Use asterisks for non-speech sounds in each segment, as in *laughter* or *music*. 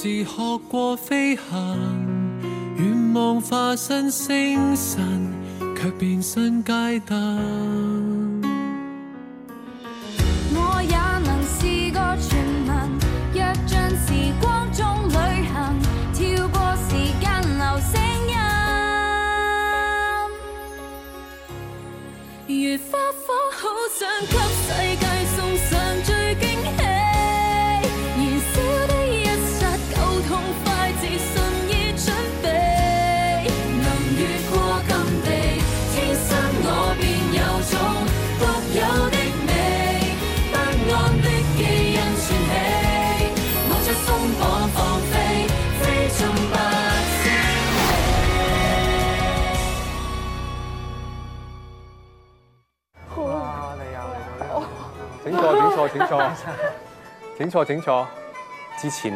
是學過飛行，願望化身星辰，卻變身街燈。整錯，整錯，整錯！之前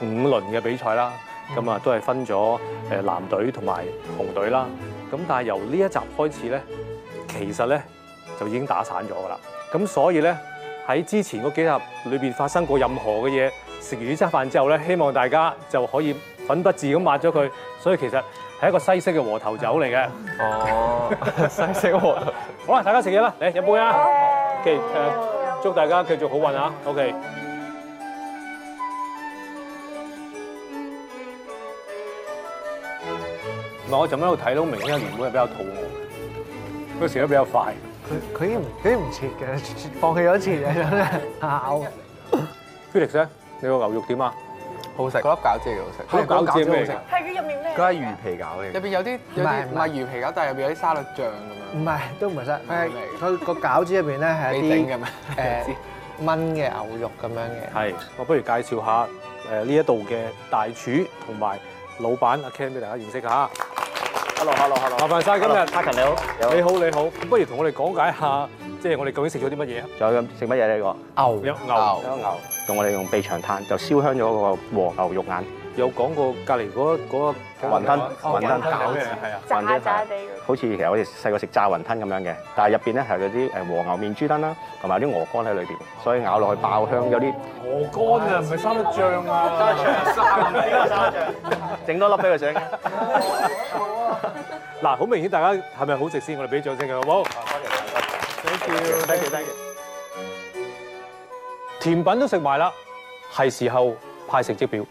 五輪嘅比賽啦，咁啊都係分咗誒藍隊同埋紅隊啦。咁但係由呢一集開始咧，其實咧就已經打散咗㗎喇。咁所以咧喺之前嗰幾集裏邊發生過任何嘅嘢，食完呢餐飯之後咧，希望大家就可以粉筆字咁抹咗佢。所以其實係一個西式嘅和頭酒嚟嘅。哦，西式和。好啦，大家食嘢啦，嚟飲杯啊！祝大家繼續好運啊！OK。唔係，我就喺度睇到明呢個原本係比較肚餓，佢食得比較快他。佢佢已經唔唔切嘅，放棄咗切咗咧。咬。Felix 你個牛肉點啊？好食。嗰粒餃子又好食。嗰粒餃子咩！係佢入面咩？嗰粒魚皮餃嚟。入邊有啲。唔係唔係魚皮餃，但係入邊有啲沙律醬。唔係，都唔係生，佢佢個餃子入邊咧係一啲誒燜嘅牛肉咁樣嘅。係，我不如介紹下誒呢一度嘅大廚同埋老闆阿 Ken 俾大家認識下。Hello，Hello，Hello，麻煩晒今日，阿 Ken 你好，你好，你好，你好，不如同我哋講解下，即係我哋究竟食咗啲乜嘢啊？仲有食乜嘢呢？呢個牛牛肉、牛肉，咁我哋用備長炭就燒香咗個和牛肉眼。有講過隔離嗰，嗰雲吞，雲吞餃子，炸炸地，好似其實我哋細個食炸雲吞咁樣嘅，但係入邊咧係嗰啲誒和牛面豬燈啦，同埋啲鵝肝喺裏邊，所以咬落去爆香有，有啲鵝肝啊，唔係生得醬啊，生醬，生醬生醬，整多粒俾佢食。嗱，好明顯，大家係咪好食先？我哋俾掌聲嘅好唔好？多謝，多謝，多謝。甜品都食埋啦，係時候派成績表。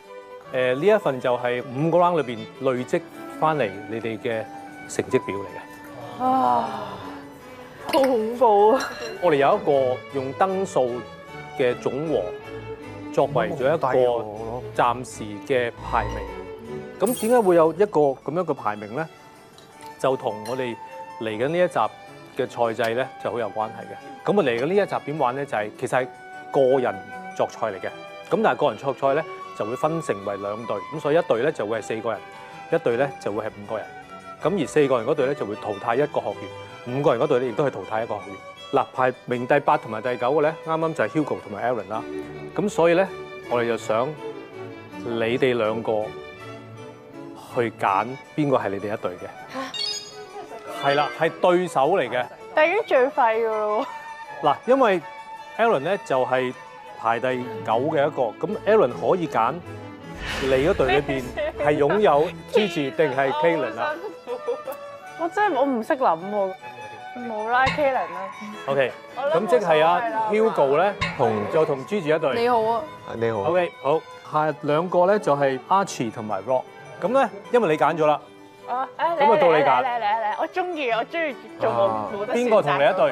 誒呢一份就係五個 round 裏邊累積翻嚟你哋嘅成績表嚟嘅，啊，好恐怖啊！我哋有一個用燈數嘅總和作為咗一個暫時嘅排名，咁點解會有一個咁樣嘅排名咧？就同我哋嚟緊呢一集嘅賽制咧就好有關係嘅。咁啊嚟緊呢一集點玩咧？就係其實係個人作賽嚟嘅，咁但係個人作賽咧。就會分成為兩隊，咁所以一隊咧就會係四個人，一隊咧就會係五個人。咁而四個人嗰隊咧就會淘汰一個學員，五個人嗰隊咧亦都係淘汰一個學員。嗱，排名第八同埋第九嘅咧，啱啱就係 Hugo 同埋 Aaron 啦。咁所以咧，我哋就想你哋兩個去揀邊個係你哋一隊嘅？係啦，係對手嚟嘅。但係已經最快㗎啦喎。嗱，因為 Aaron 咧就係，排第九嘅一個，咁 Alan 可以揀你嗰隊裏邊係擁有 Gigi 定係 Kalen 啊？我真係我唔識諗喎，冇拉 Kalen 啦。OK，咁即係阿 Hugo 咧，同就同 Gigi 一隊。你好啊，你好。OK，好，下兩個咧就係 Archie 同埋 Rock。咁咧，因為你揀咗啦，咁啊到你揀。嚟嚟嚟嚟！我中意我中意做，邊個同你一隊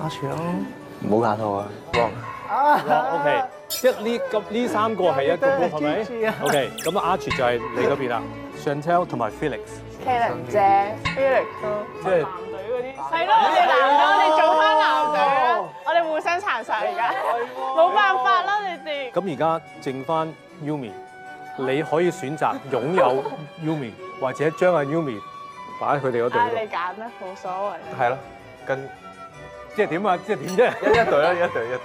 ？Archie 咯，唔好揀我啊！Rock。啊，OK，即呢咁呢三個係一個，係咪？OK，咁阿 Arch 就係你嗰邊啦，Chantel 同埋 Felix，James，Felix，即係男隊嗰啲，係咯，我哋男隊，我哋做翻男隊啦，我哋互相殘殺而家，冇辦法啦你哋。咁而家剩翻 Yumi，你可以選擇擁有 Yumi，或者將阿 Yumi 擺喺佢哋嗰度。係你揀啦，冇所謂。係咯，跟即係點啊？即係點一一隊啦，一隊一隊。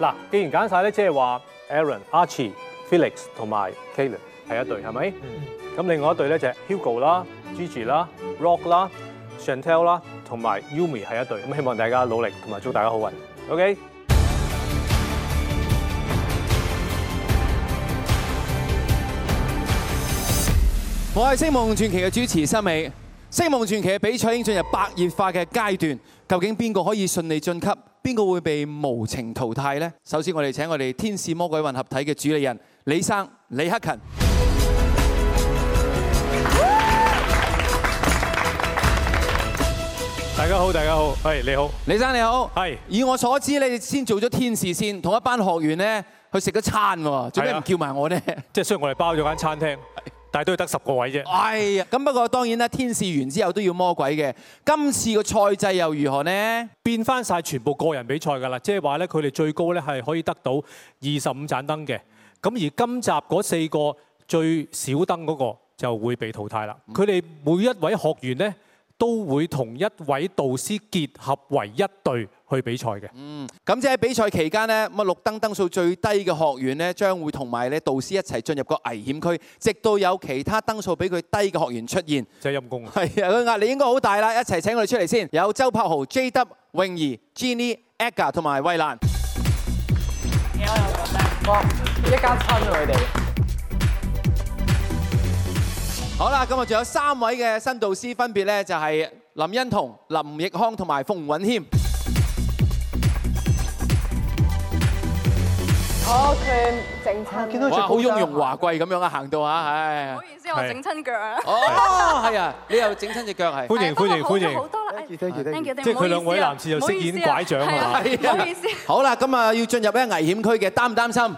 嗱，既然揀晒咧，即係話 Aaron、Archie、Felix 同埋 Kaylin 係一隊，係咪？咁、嗯、另外一隊咧就係 Hugo 啦、Gigi 啦、Rock 啦、Chantel 啦同埋 Yumi 係一隊。咁希望大家努力，同埋祝大家好運。OK，我係《星夢傳奇》嘅主持森美，《星夢傳奇》嘅比賽已經進入白熱化嘅階段，究竟邊個可以順利進級？邊個會被無情淘汰呢？首先，我哋請我哋天使魔鬼混合體嘅主理人李生李克勤。大家好，大家好，係你好，李生你好，係。以我所知，你哋先做咗天使先，同一班學員呢去食咗餐喎，做咩唔叫埋我呢？即係雖然我哋包咗間餐廳。但都要得十個位啫。係啊，咁不過當然啦，天使完之後都要魔鬼嘅。今次個賽制又如何呢？變返曬全部個人比賽㗎啦，即係話呢，佢哋最高呢係可以得到二十五盞燈嘅。咁而今集嗰四個最少燈嗰個就會被淘汰啦。佢哋每一位學員呢，都會同一位導師結合為一隊。去比賽嘅。嗯，咁即係比賽期間咧，乜綠燈燈數最低嘅學員咧，將會同埋咧導師一齊進入個危險區，直到有其他燈數比佢低嘅學員出現。真係陰功啊！係啊，佢壓力應該好大啦。一齊請我哋出嚟先。有周柏豪、JW、泳兒、Jenny、AGA 同埋衛蘭。你好，有冇咩？我一家親過嚟哋。好啦，今日仲有三位嘅新導師，分別咧就係林欣彤、林奕匡同埋馮允謙。哦，佢整親，哇，好雍容華貴咁樣啊，行到啊，唉，唔好意思，的我整親腳啊，哦，係係啊，你又整親隻腳係隻腳係、嗯，歡迎歡迎歡迎，好多啦，即係佢兩位男士又飾、啊、演拐杖啊好，係啊，好啦，咁啊要進入呢個危險區嘅，擔唔擔心？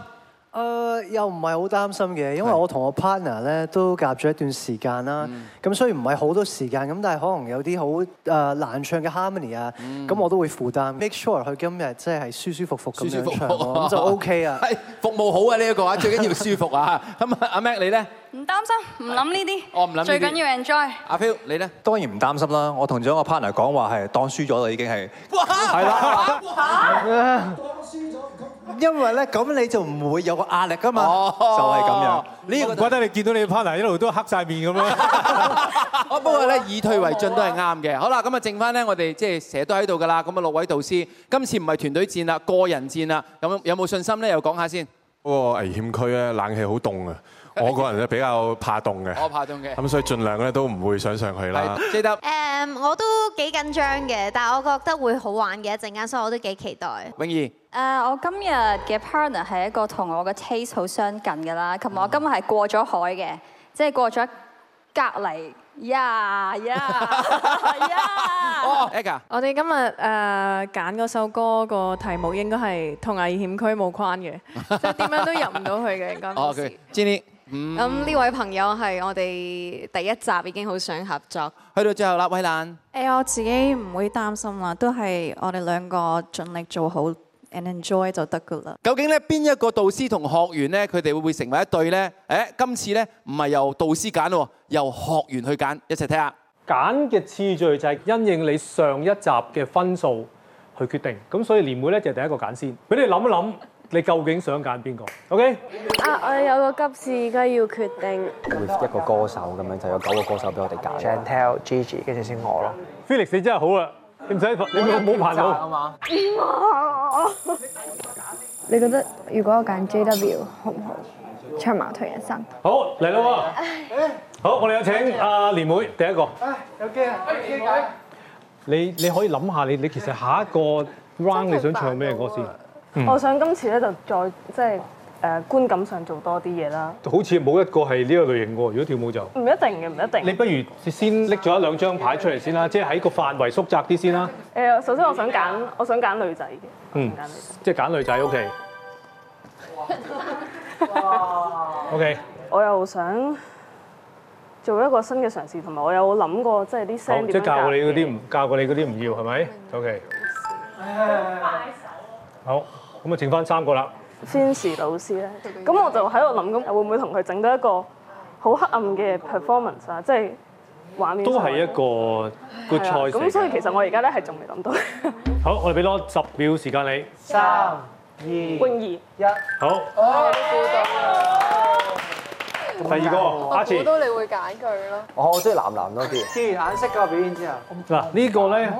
呃又唔係好擔心嘅，因為我同我 partner 都夾咗一段時間啦。咁雖然唔係好多時間，但係可能有啲好難唱嘅 harmony 啊，咁我都會負擔，make sure 佢今日即係舒舒服服咁樣唱，就 OK 啊。服務好啊呢個話，最緊要舒服啊。咁 *laughs* 阿 Mac 你呢？唔擔心，唔諗呢啲，最緊要 enjoy。阿 Phil，你咧？當然唔擔心啦。我同咗個 partner 講話係當輸咗啦，已經係係啦。因為咧，咁你就唔會有個壓力噶嘛。就係咁樣。我覺得你見到你 partner 一路都黑曬面咁樣。不過咧，以退為進都係啱嘅。好啦，咁啊，剩翻咧，我哋即係成日都喺度噶啦。咁啊，六位導師，今次唔係團隊戰啦，個人戰啦。咁有冇信心咧？又講下先。嗰個危險區咧，冷氣好凍啊！我個人咧比較怕凍嘅，我怕凍嘅，咁所以儘量咧都唔會想上去啦。Jade，誒我都幾緊張嘅，但係我覺得會,會好玩嘅一陣間，所以我都幾期待。泳兒，誒，我今日嘅 partner 係一個同我嘅 taste 好相近嘅啦，同埋我今日係過咗海嘅，即係過咗隔離。Yeah，yeah，yeah。哦，Edgar。我哋今日誒揀嗰首歌個題目應該係同危險區冇關嘅，即係點樣都入唔到去嘅。哦，佢。Jenny 咁、嗯、呢位朋友係我哋第一集已經好想合作，去到最後啦，威蘭。誒，我自己唔會擔心啦，都係我哋兩個盡力做好 and enjoy 就得噶啦。究竟呢邊一個導師同學員呢？佢哋會唔會成為一對呢？誒，今次呢，唔係由導師揀咯，由學員去揀，一齊睇下。揀嘅次序就係因應你上一集嘅分數去決定。咁所以年會呢，就係第一個揀先，俾你諗一諗。你究竟想揀邊個？OK？啊，我有個急事，而家要決定。一個歌手咁樣就有九個歌手俾我哋揀。Chantel、Gigi，跟住先我咯。Felix，你真係好啊！你唔使，你冇朋友。你覺得如果我揀 JW，好唔好？唱矛同人生。好嚟啦！好，我哋有請啊，蓮妹第一個。有機啊！不如機揀。你你可以諗下，你你其實下一個 round 你想唱咩歌先？我想今次咧就再即係誒觀感上做多啲嘢啦。好似冇一個係呢個類型㗎喎，如果跳舞就。唔一定嘅，唔一定。你不如先拎咗一兩張牌出嚟先啦，即係喺個範圍縮窄啲先啦。誒，首先我想揀，我想揀女仔嘅。嗯，即係揀女仔 OK。哇！OK。我又想做一個新嘅嘗試，同埋我有諗過即係啲聲點揀。好，即係教過你嗰啲唔教過你嗰啲唔要係咪？OK。好。咁啊，剩翻三個啦。天使老師咧，咁我就喺度諗，咁會唔會同佢整到一個好黑暗嘅 performance 啊？即係畫面都係一個 good 菜色。咁所以其實我而家咧係仲未諗到。好，我哋俾多十秒時間你。三二一。好。好好好。第二個下次好多你會揀佢咯。哦，我中意藍藍多啲。知，眼色加表演之後。嗱，這個、呢個咧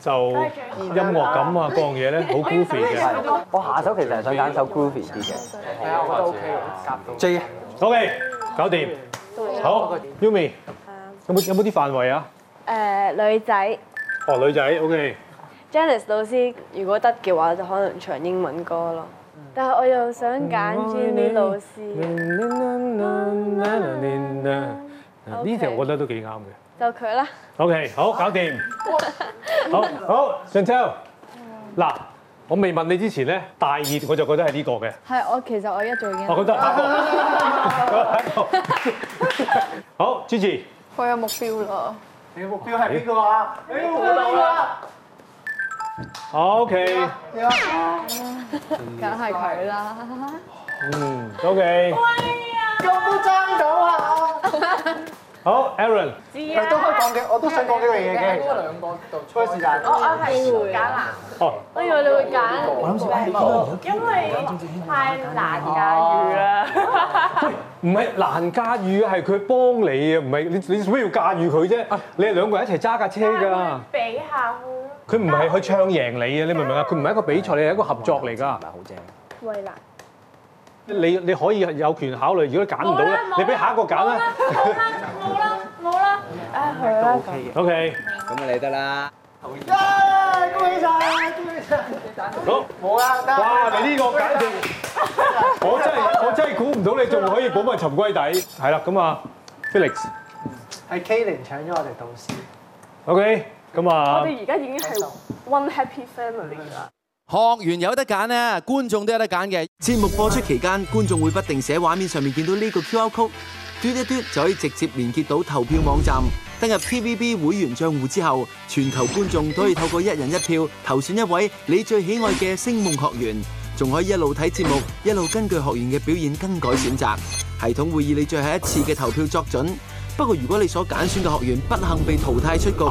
就音樂感啊，講嘢咧好 groovy 嘅。我下首其實係想揀首 groovy 啲嘅。係啊，我覺得 OK 夾到 J，OK，啊搞掂。好，好，Yumi，、uh, 有冇有冇啲範圍啊？誒、uh,，女仔。哦，女仔，OK。Janice 老師，如果得嘅話，就可能唱英文歌咯。但係我又想揀住你老師，呢、okay. 首我覺得都幾啱嘅，就佢啦。O、okay, K，好，搞掂。 *laughs* 好好，上超，嗱、嗯，我未問你之前咧，大熱我就覺得係呢、這個嘅。係、嗯，我其實我一早已經。 *laughs* *laughs* *laughs* 好，咁就。好，Gigi。我有目標咯。你嘅目標係邊個啊？欸、你呀、啊，我老啦。O K，梗係佢啦。嗯，O K。喂啊，咁都爭到啊！好，Aaron，佢都可以講嘅，我都想講呢樣嘢嘅。你哋兩個做初試咋？哦，我係揀男。哦，我以為，你會揀我咩？冇，因為太難駕馭啦。唔係難駕馭啊，係佢幫你啊，唔係你你做咩要駕馭佢啫。你哋兩個人一齊揸架車噶。畀下。佢唔係去唱贏你啊！你明唔明啊？佢唔係一個比賽，你係一個合作嚟㗎。係咪好正？衞蘭，你你可以有權考慮。如果你揀唔到咧，你俾下一個揀啦。冇啦，冇啦，冇啦。啊，係啦。O K，咁啊，你得啦。啊，恭喜曬！恭喜曬！你揀到。好，冇啦。得。哇，你呢個簡直，我真係我真係估唔到你仲可以保密沉歸底。係啦，咁啊，Felix，係 Kling 搶咗我哋導師。O K。我哋而家已經係 One Happy Family 啦！學員有得揀啊，觀眾都有得揀嘅。節目播出期間，觀眾會不定寫畫面上面見到呢個 QR code，篤一篤就可以直接連結到投票網站。登入 TVB 會員帳戶之後，全球觀眾都可以透過一人一票投選一位你最喜愛嘅聲夢學員，仲可以一路睇節目，一路根據學員嘅表現更改選擇。系統會以你最後一次嘅投票作準。不過如果你所揀選嘅學員不幸被淘汰出局，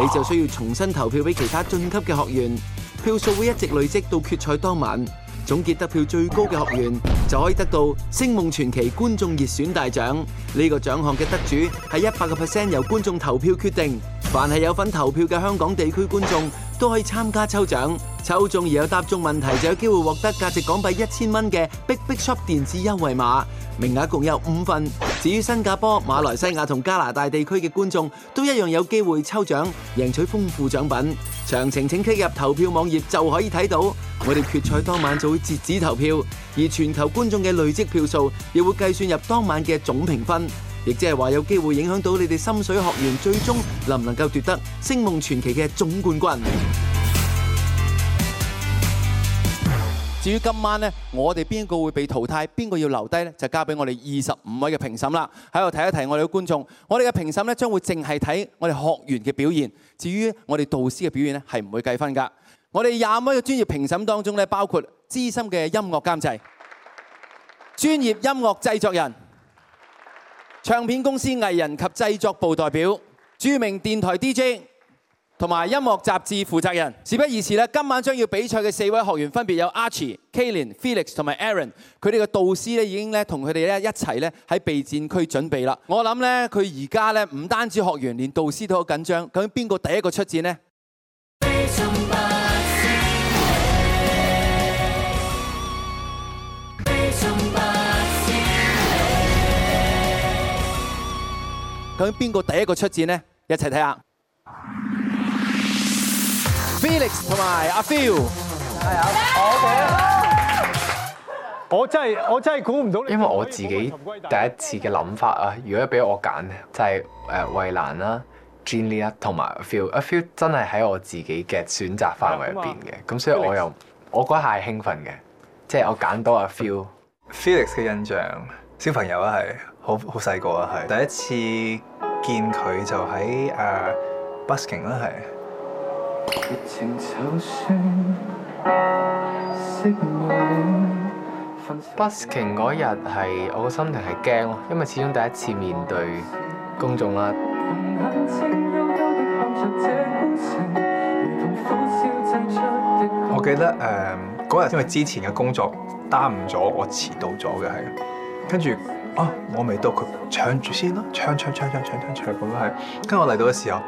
你就需要重新投票俾其他晉級嘅學員，票數會一直累積到決賽當晚，總結得票最高嘅學員就可以得到《星夢傳奇》觀眾熱選大獎。呢個獎項嘅得主係一百個 percent 由觀眾投票決定，凡係有份投票嘅香港地區觀眾，都可以參加抽獎，抽中而有答中問題就有機會獲得價值港幣一千蚊嘅 Big Big Shop 電子優惠碼，名額共有五份。至於新加坡、馬來西亞同加拿大地區嘅觀眾，都一樣有機會抽獎，贏取豐富獎品。詳情請登入投票網頁就可以睇到。我哋決賽當晚就會截止投票，而全球觀眾嘅累積票數亦會計算入當晚嘅總評分。亦即係話，有機會影響到你哋心水學員最終能唔能夠奪得星夢傳奇嘅總冠軍。至於今晚咧，我哋邊個會被淘汰，邊個要留低咧，就交俾我哋二十五位嘅評審啦。喺度提一提我哋嘅觀眾，我哋嘅評審咧，將會淨係睇我哋學員嘅表現。至於我哋導師嘅表現咧，係唔會計分㗎。我哋二十五位嘅專業評審當中咧，包括資深嘅音樂監製、專業音樂製作人。唱片公司藝人及製作部代表、著名電台 DJ 同埋音樂雜誌負責人，事不宜遲，今晚將要比賽嘅四位學員分別有 Archie Kaylin, Felix Aaron、Kilian Felix 同埋 Aaron，佢哋嘅導師已經咧同佢哋一齊咧喺備戰區準備啦。我諗呢，佢而家單唔單止學員，連導師都好緊張。咁邊個第一個出戰呢？睇邊個第一個出戰咧？一齊睇下，Felix 同埋阿 Phil，我真係我真係估唔到，因為我自己第一次嘅諗法啊，如果俾我揀咧，就係誒衞蘭啦、啊、Gin Lee、啊、同埋阿 Phil 阿 Phil 真係喺我自己嘅選擇範圍入邊嘅，咁、啊、所以我又我嗰下係興奮嘅，即、就、係、是、我揀到阿 Phil，Felix 嘅印象小朋友啊，係。好好細個啊，係第一次見佢就喺、呃、busking 啦，係，busking 嗰日，係我個心情係驚咯，因為始終第一次面對公眾啦。我記得誒嗰日，因為之前嘅工作耽誤咗，我遲到咗嘅係，跟住。啊！我未到，佢唱住先啦。唱唱唱唱唱唱唱咁咯，係。跟住我嚟到嘅時候，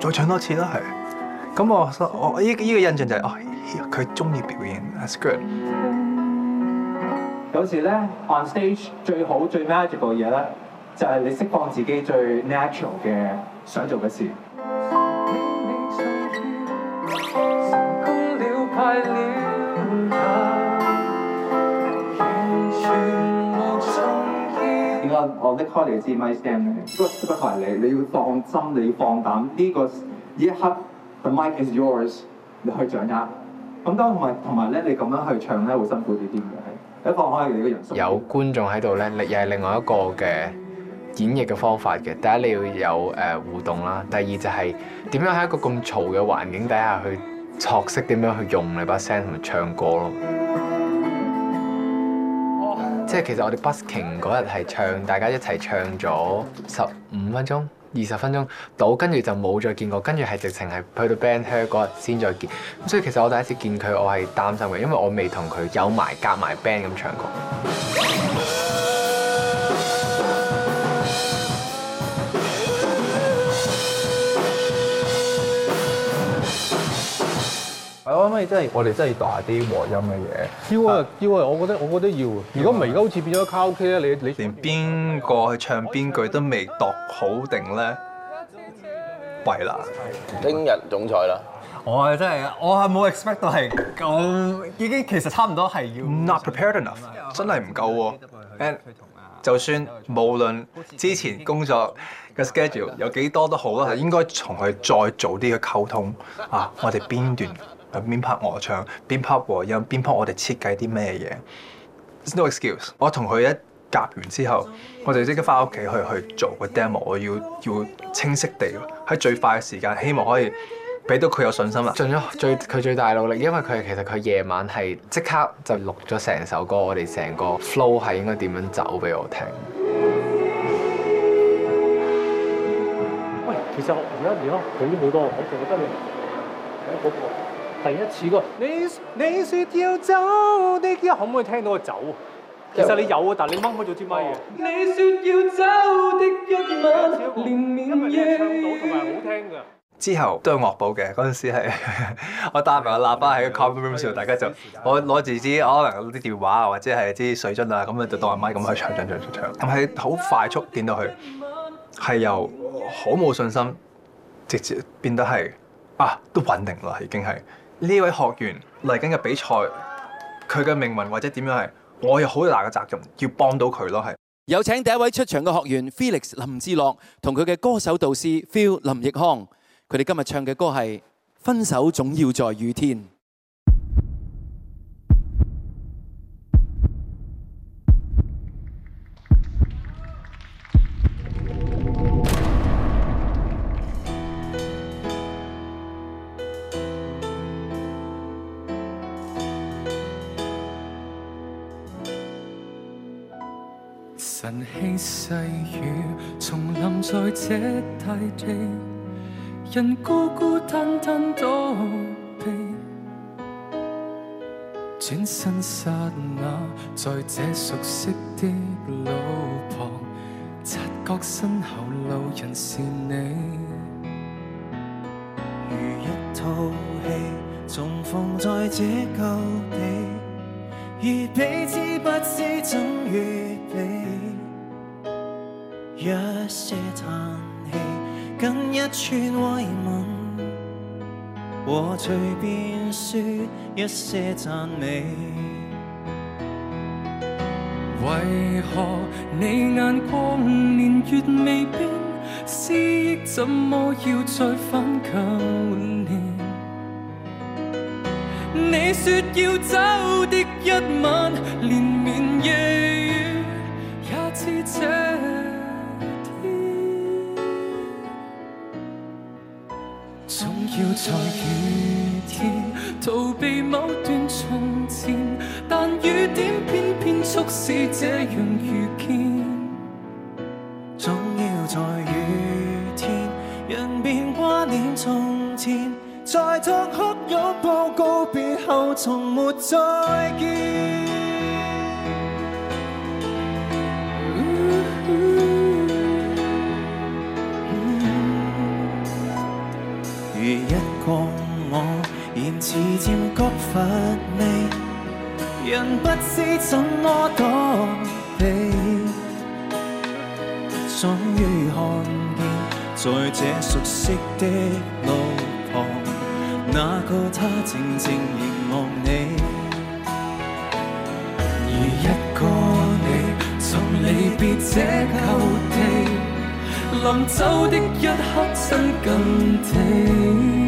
再唱多次啦。係。咁我我呢個呢個印象就係、是，哦、啊，佢中意表演，that's good。有時咧，on stage 最好最 magical 嘢咧，就係你釋放自己最 natural 嘅想做嘅事。我，拎開你支咪 stand 都係你，你要放心，你要放膽。呢個一刻，the mic is yours，你去掌握。咁當同埋同埋咧，你咁樣去唱咧，會辛苦啲啲嘅，一放開你嘅人有觀眾喺度咧，你又係另外一個嘅演繹嘅方法嘅。第一你要有互動啦，第二就係點樣喺一個咁嘈嘅環境底下去學識點樣去用你把聲同埋唱歌咯。即係其實我哋 busking 嗰日係唱，大家一齊唱咗十五分鐘、二十分鐘，到跟住就冇再見過，跟住係直情係去到 band here 嗰日先再見。咁所以其實我第一次見佢，我係擔心嘅，因為我未同佢有埋夾埋 band 咁唱過。即係，我哋真係讀下啲和音嘅嘢、啊。要啊，要啊！我覺得，我覺得要，啊要啊。如果唔係，而家好似變咗卡拉 OK 咧，你你連邊個去唱邊句都未讀好定咧，弊啦！聽日總綵啦，我係真係，我係冇 expect 到係咁，已經其實差唔多係要。Not prepared enough，真係唔夠喎、啊。And, 就算無論之前工作嘅 schedule 有幾多都好啦，應該同佢再早啲嘅溝通啊，我哋邊段。邊拍我唱，邊拍和音，邊拍我哋設計啲咩嘢。It's no excuse！我同佢一夾完之後，我就即刻翻屋企去去做個 demo。我要要清晰地喺最快嘅時間，希望可以俾到佢有信心啊！盡咗最佢最大努力，因為佢其實佢夜晚係即刻就錄咗成首歌，我哋成個 flow 係應該點樣走俾我聽。喂，其實唔家要，都好多，我做得嘅。嗰第一次個你你説要走的，你而家可唔可以聽到我走？其實你有啊，但係你掹開咗支咪啊、哦！你説要走的一吻，連綿夜。之後都有樂譜嘅嗰陣時係，我帶埋個喇叭喺個 room 大家就我攞住啲可能啲電話啊，或者係啲水樽啊，咁啊就當阿咪咁去唱唱唱唱唱。係好快速見到佢係由好冇信心，直接變得係啊都穩定啦，已經係。呢位學員嚟緊嘅比賽，佢嘅命運或者點樣係，我有好大嘅責任要幫到佢咯。係有請第一位出場嘅學員 *noise* ，Felix 林智樂同佢嘅歌手導師 *noise* Phil 林奕匡。佢哋今日唱嘅歌係《分手總要在雨天》。晨曦細雨，重臨在這大地，人孤孤單單躲避。轉身剎那，在這熟悉的路旁，察覺身後路人是你。如一套戲，重逢在這舊地，而彼此不知怎預備。一些嘆氣，跟一串慰問，和隨便說一些讚美。為何你眼光年月未變，思憶怎麼要再返舊年？你說要走的一晚，連綿夜雨，也似這。在雨天逃避某段從前，但雨點偏偏促使這樣遇見。總要在雨天，人便掛念從前，在痛哭擁抱告別後，從沒再見。 *music* 漸覺乏味，人不知怎麼躲避。終於看見，在這熟悉的路旁，那個他靜靜凝望你，而一個你，從離別這舊地，臨走的一刻，親近地。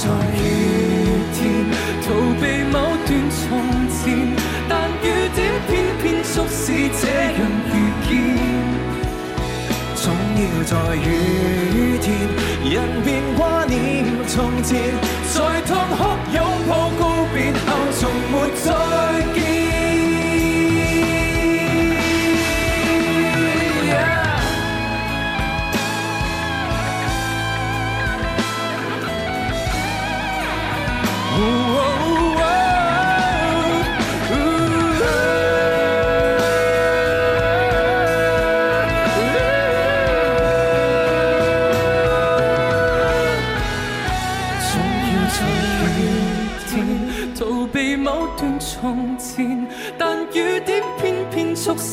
在雨天，逃避某段從前，但雨點偏偏促使這樣遇見。總要在雨天，人便掛念從前，在痛哭擁抱告別後，從沒再見。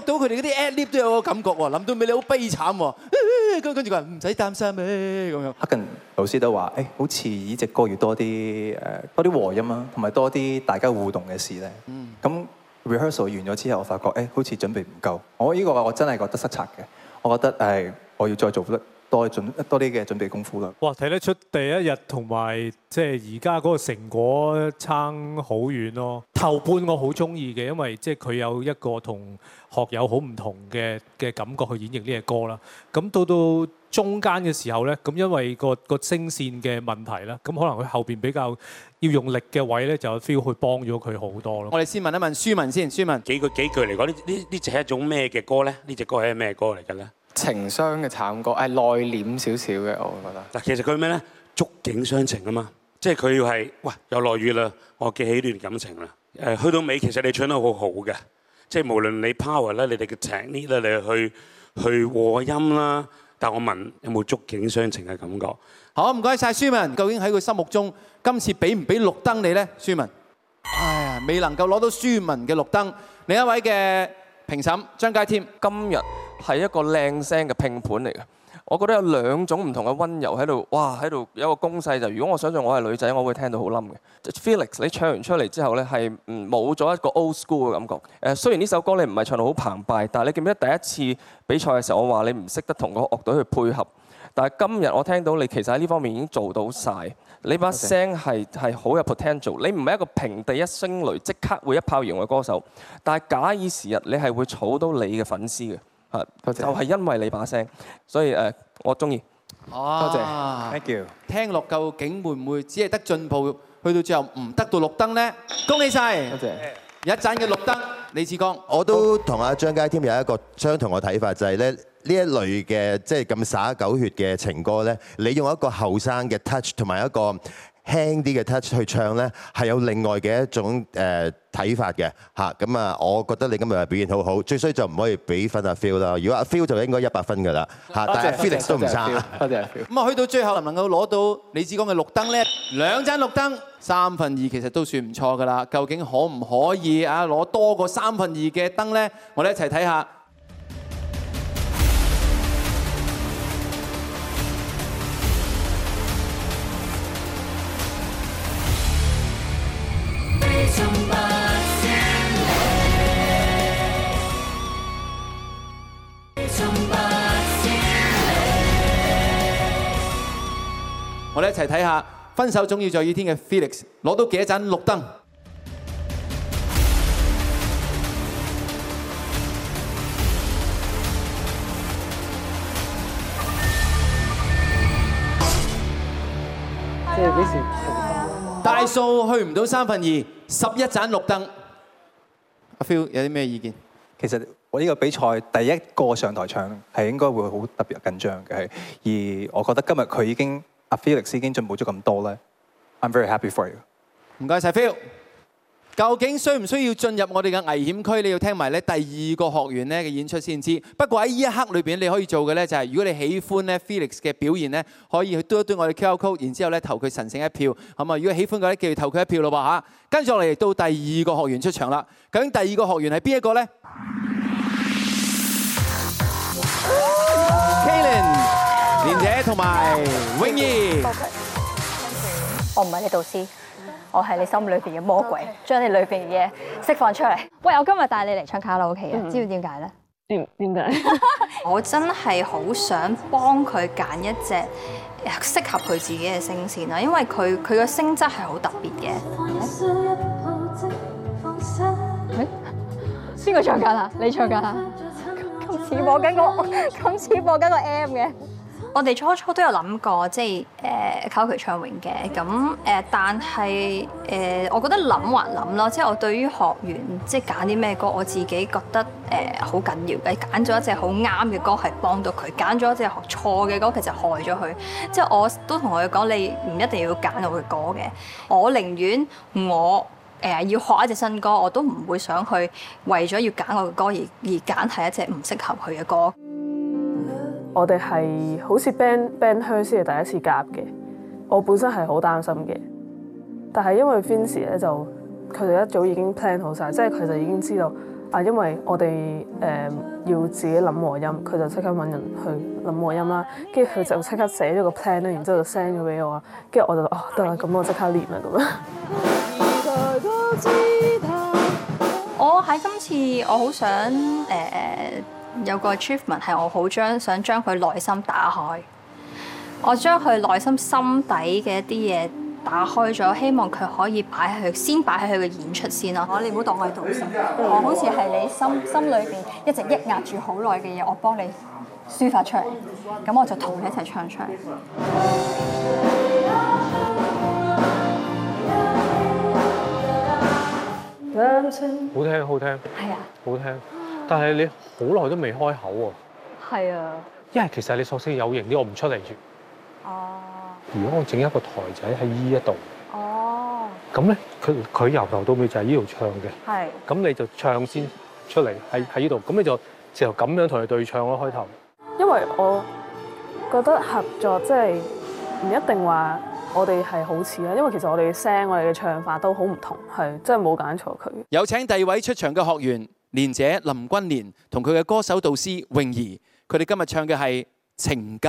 到佢哋嗰啲 ad-lib 都有個感覺喎，諗到尾你好悲慘喎，跟住佢話唔使擔心咩咁樣。黑根老師都話，誒、欸、好似呢隻歌要多啲誒多啲和音啊，同埋多啲大家互動嘅事咧。咁、嗯、rehearsal 完咗之後，我發覺誒、欸、好似準備唔夠。我依、這個我真係覺得失策嘅，我覺得誒、欸、我要再做多啲準，多啲嘅準備功夫啦。哇，睇得出第一日同埋即係而家嗰個成果差好遠咯。頭半我好中意嘅，因為即係佢有一個同學友好唔同嘅嘅感覺去演繹呢隻歌啦。咁到到中間嘅時候咧，咁因為個個聲線嘅問題啦，咁可能佢後邊比較要用力嘅位咧，就 feel 去幫咗佢好多咯。我哋先問一問舒文先，舒文幾句幾句嚟講？呢呢呢隻係一種咩嘅歌咧？呢隻歌係咩歌嚟㗎咧？情傷嘅慘歌，係內斂少少嘅，我覺得。嗱，其實佢係咩咧？觸景傷情啊嘛，即係佢要係，喂，又落雨啦，我記起段感情啦。誒，去到尾其實你唱得好好嘅，即係無論你 power 啦，你哋嘅 technique 啦，你去去和音啦，但我問有冇觸景傷情嘅感覺？好，唔該晒。舒文，究竟喺佢心目中今次畀唔畀綠燈你咧，舒文？唉，未能夠攞到舒文嘅綠燈。另一位嘅評審張佳添，今日。係一個靚聲嘅拼盤嚟嘅，我覺得有兩種唔同嘅溫柔喺度。哇，喺度有個攻勢就，如果我想象我係女仔，我會聽到好冧嘅。Felix，你唱完出嚟之後呢，係冇咗一個 old school 嘅感覺。誒，雖然呢首歌你唔係唱到好澎湃，但係你記唔記得第一次比賽嘅時候，我話你唔識得同個樂隊去配合，但係今日我聽到你其實喺呢方面已經做到晒。你把聲係係好有 potential，你唔係一個平地一聲雷即刻會一炮而紅嘅歌手，但係假以時日，你係會儲到你嘅粉絲嘅。啊！就係、是、因為你把聲，所以誒，我中意。多謝，Thank you。聽落究竟會唔會只係得進步，去到最後唔得到綠燈呢？恭喜晒！多謝，謝。謝謝一盞嘅綠燈，李志光。我都同阿張佳添有一個相同嘅睇法，就係咧呢一類嘅即係咁灑狗血嘅情歌呢，你用一個後生嘅 touch 同埋一個。輕啲嘅 touch 去唱咧，係有另外嘅一種誒睇法嘅吓。咁啊，我覺得你今日表現好好，最衰就唔可以俾分阿 Feel 啦。如果阿 Feel 就應該一百分㗎啦吓，但係 Felix 都唔差謝謝。多謝阿 Feel 咁啊，去到最後能唔能夠攞到李子光嘅綠燈咧？兩盞綠燈，三分二其實都算唔錯㗎啦。究竟可唔可以啊攞多過三分二嘅燈咧？我哋一齊睇下。一齊睇下《分手總要在雨天》嘅 Felix 攞到幾多盞綠燈？大數去唔到三分二，十一盞綠燈。阿 Phil 有啲咩意見？其實我呢個比賽第一個上台唱係應該會好特別緊張嘅，而我覺得今日佢已經。阿 Felix 已經進步咗咁多咧，I'm very happy for you 謝謝。唔該晒，Phil。究竟需唔需要進入我哋嘅危險區？你要聽埋咧第二個學員咧嘅演出先知。不過喺呢一刻裏邊，你可以做嘅咧就係、是，如果你喜歡咧 Felix 嘅表現咧，可以去嘟一嘟我哋 QR Code，然之後咧投佢神聖一票。咁啊，如果喜歡嘅咧，記住投佢一票咯喎嚇。跟住落嚟到第二個學員出場啦。究竟第二個學員係邊一個咧？同埋泳兒，我唔係你導師，我係你心裏邊嘅魔鬼，將你裏邊嘅嘢釋放出嚟。喂，我今日帶你嚟唱卡拉 OK，知唔知點解咧？知唔知點解？嗯、 *laughs* 我真係好想幫佢揀一隻適合佢自己嘅聲線啊！因為佢佢嘅聲質係好特別嘅。邊、哎、個唱緊啊？你唱緊啊？今次播緊個，今次播緊個 M 嘅。我哋初初都有諗過，即係誒、呃、考佢唱詠嘅，咁誒、呃，但係誒、呃，我覺得諗還諗咯，即係我對於學員即係揀啲咩歌，我自己覺得誒好緊要嘅，揀咗一隻好啱嘅歌係幫到佢，揀咗一隻學錯嘅歌其實害咗佢，即係我都同佢講，你唔一定要揀我嘅歌嘅，我寧願我誒、呃、要學一隻新歌，我都唔會想去為咗要揀我嘅歌而而揀係一隻唔適合佢嘅歌。我哋係好似 band band 香先係第一次夾嘅，我本身係好擔心嘅，但係因為 Vincy 咧就佢哋一早已經 plan 好晒，即係佢就已經知道啊，因為我哋誒要自己諗和音，佢就即刻揾人去諗和音啦，跟住佢就即刻寫咗個 plan 咧，然之後就 send 咗俾我，跟住我就哦，得啦，咁我即刻練啦咁樣。我喺今次我好想誒，呃有個 achievement 係我好將想將佢內心打開，我將佢內心心底嘅一啲嘢打開咗，希望佢可以擺喺佢先擺喺佢嘅演出先咯。我你唔好當我係導師，我好似係你心心裏邊一直抑壓住好耐嘅嘢，我幫你抒發出嚟，咁我就同你一齊唱出嚟。好聽，好聽，係啊，好聽。但係你好耐都未開口喎。係啊。因為其實你索性有型啲，我唔出嚟住。哦。如果我整一個台仔喺依一度。哦。咁咧，佢佢由頭到尾就係呢度唱嘅。係。咁你就唱先出嚟，喺喺依度。咁你就就咁樣同佢對唱咯，開頭。因為我覺得合作即係唔一定話我哋係好似啦，因為其實我哋嘅聲、我哋嘅唱法都好唔同，係即係冇揀錯佢。有請第二位出場嘅學員。蓮姐林君蓮同佢嘅歌手導師泳兒，佢哋今日唱嘅係《情界》。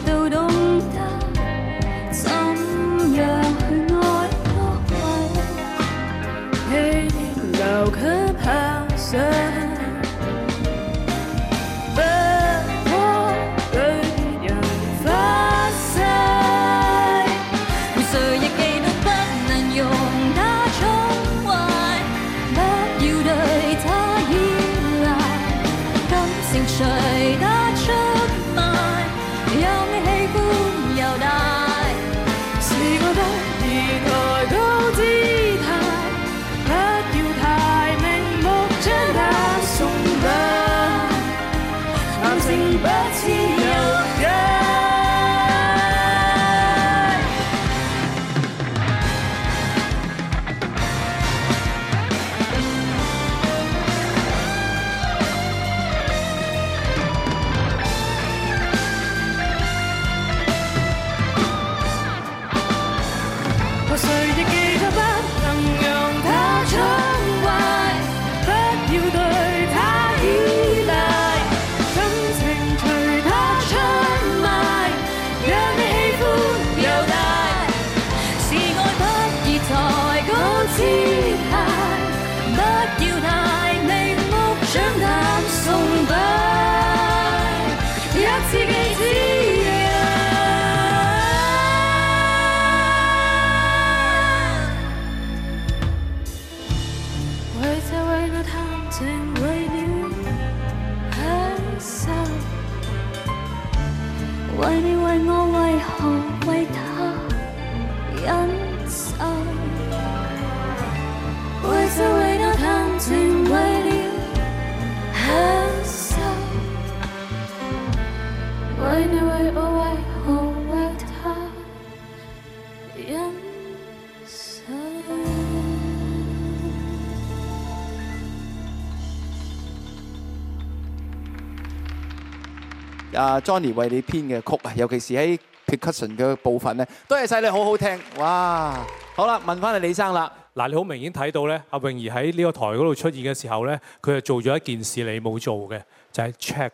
啊，Johnny 為你編嘅曲啊，尤其是喺 percussion 嘅部分咧，多謝晒你好好聽，哇！好啦，問翻阿李生啦。嗱，你好明顯睇到咧，阿泳兒喺呢個台嗰度出現嘅時候咧，佢係做咗一件事你冇做嘅，就係 check。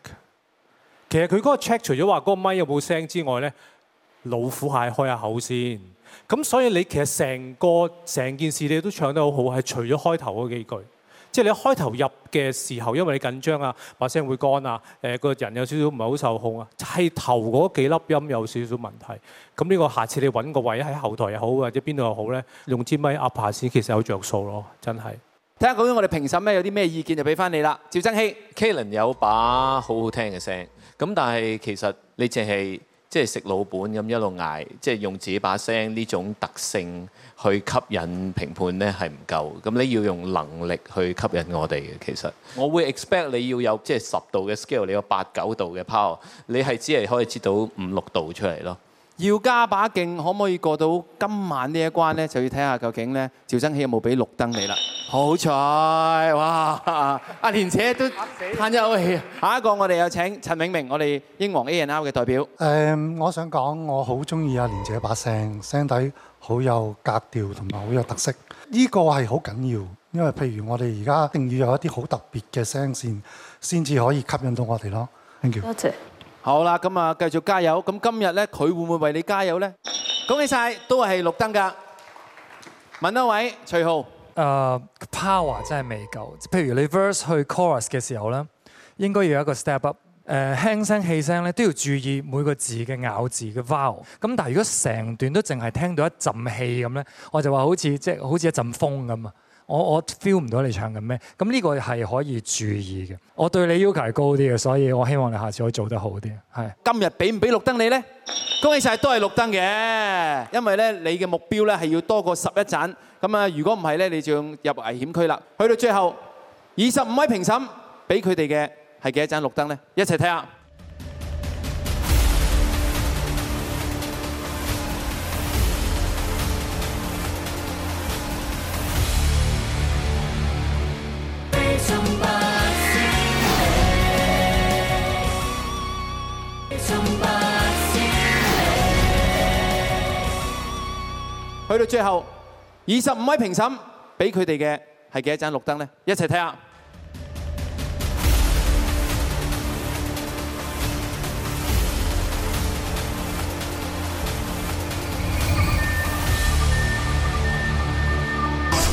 其實佢嗰個 check 除咗話嗰個咪有冇聲之外咧，老虎蟹開下口先。咁所以你其實成個成件事你都唱得好好，係除咗開頭嗰幾句。即係你開頭入嘅時候，因為你緊張啊，把聲會乾啊，誒個人有少少唔係好受控啊，係頭嗰幾粒音有少少問題。咁呢個下次你揾個位喺後台又好，或者邊度又好咧，用支咪壓下先，其實有着數咯，真係。睇下講緊我哋評審咧，有啲咩意見就俾翻你啦，趙增熹，Kalen 有把好好聽嘅聲，咁但係其實你淨係即係食老本咁一路捱，即係用自己把聲呢種特性。去吸引評判咧係唔夠，咁你要用能力去吸引我哋嘅。其實我會 expect 你要有即係十度嘅 scale，你有八九度嘅 power，你係只係可以切到五六度出嚟咯。要加把勁，可唔可以過到今晚呢一關咧？就要睇下究竟咧，趙增熹有冇俾綠燈你啦？好彩！哇，阿連姐都嘆咗口氣。下一個我哋有請陳永明，我哋英皇 A&R 嘅代表。誒，我想講我好中意阿連姐把聲聲底。好有格調同埋好有特色，呢個係好緊要，因為譬如我哋而家一定要有一啲好特別嘅聲線，先至可以吸引到我哋咯。Thank you。多謝。好啦，咁啊繼續加油。咁今日呢，佢會唔會為你加油呢？恭喜晒都係綠燈㗎。問一位徐浩。誒，power 真係未夠。譬如你 verse 去 chorus 嘅時候呢，應該要有一個 step up。誒，輕聲氣聲都要注意，每個字嘅咬字嘅 vowel。咁，但係如果成段都淨係聽到一陣氣咁呢，我就話好似即係好似一陣風咁啊！我我 feel 唔到你唱緊咩？咁呢個係可以注意嘅。我對你要求係高啲嘅，所以我希望你下次可以做得好啲。係。今日俾唔俾綠燈你呢？恭喜晒，都係綠燈嘅，因為呢你嘅目標呢係要多過十一盞。咁啊，如果唔係咧，你將入危險區啦。去到最後，二十五位評審俾佢哋嘅。係幾多盞綠燈呢？一齊睇下。去到最後，二十五位評審俾佢哋嘅係幾多盞綠燈呢？一齊睇下。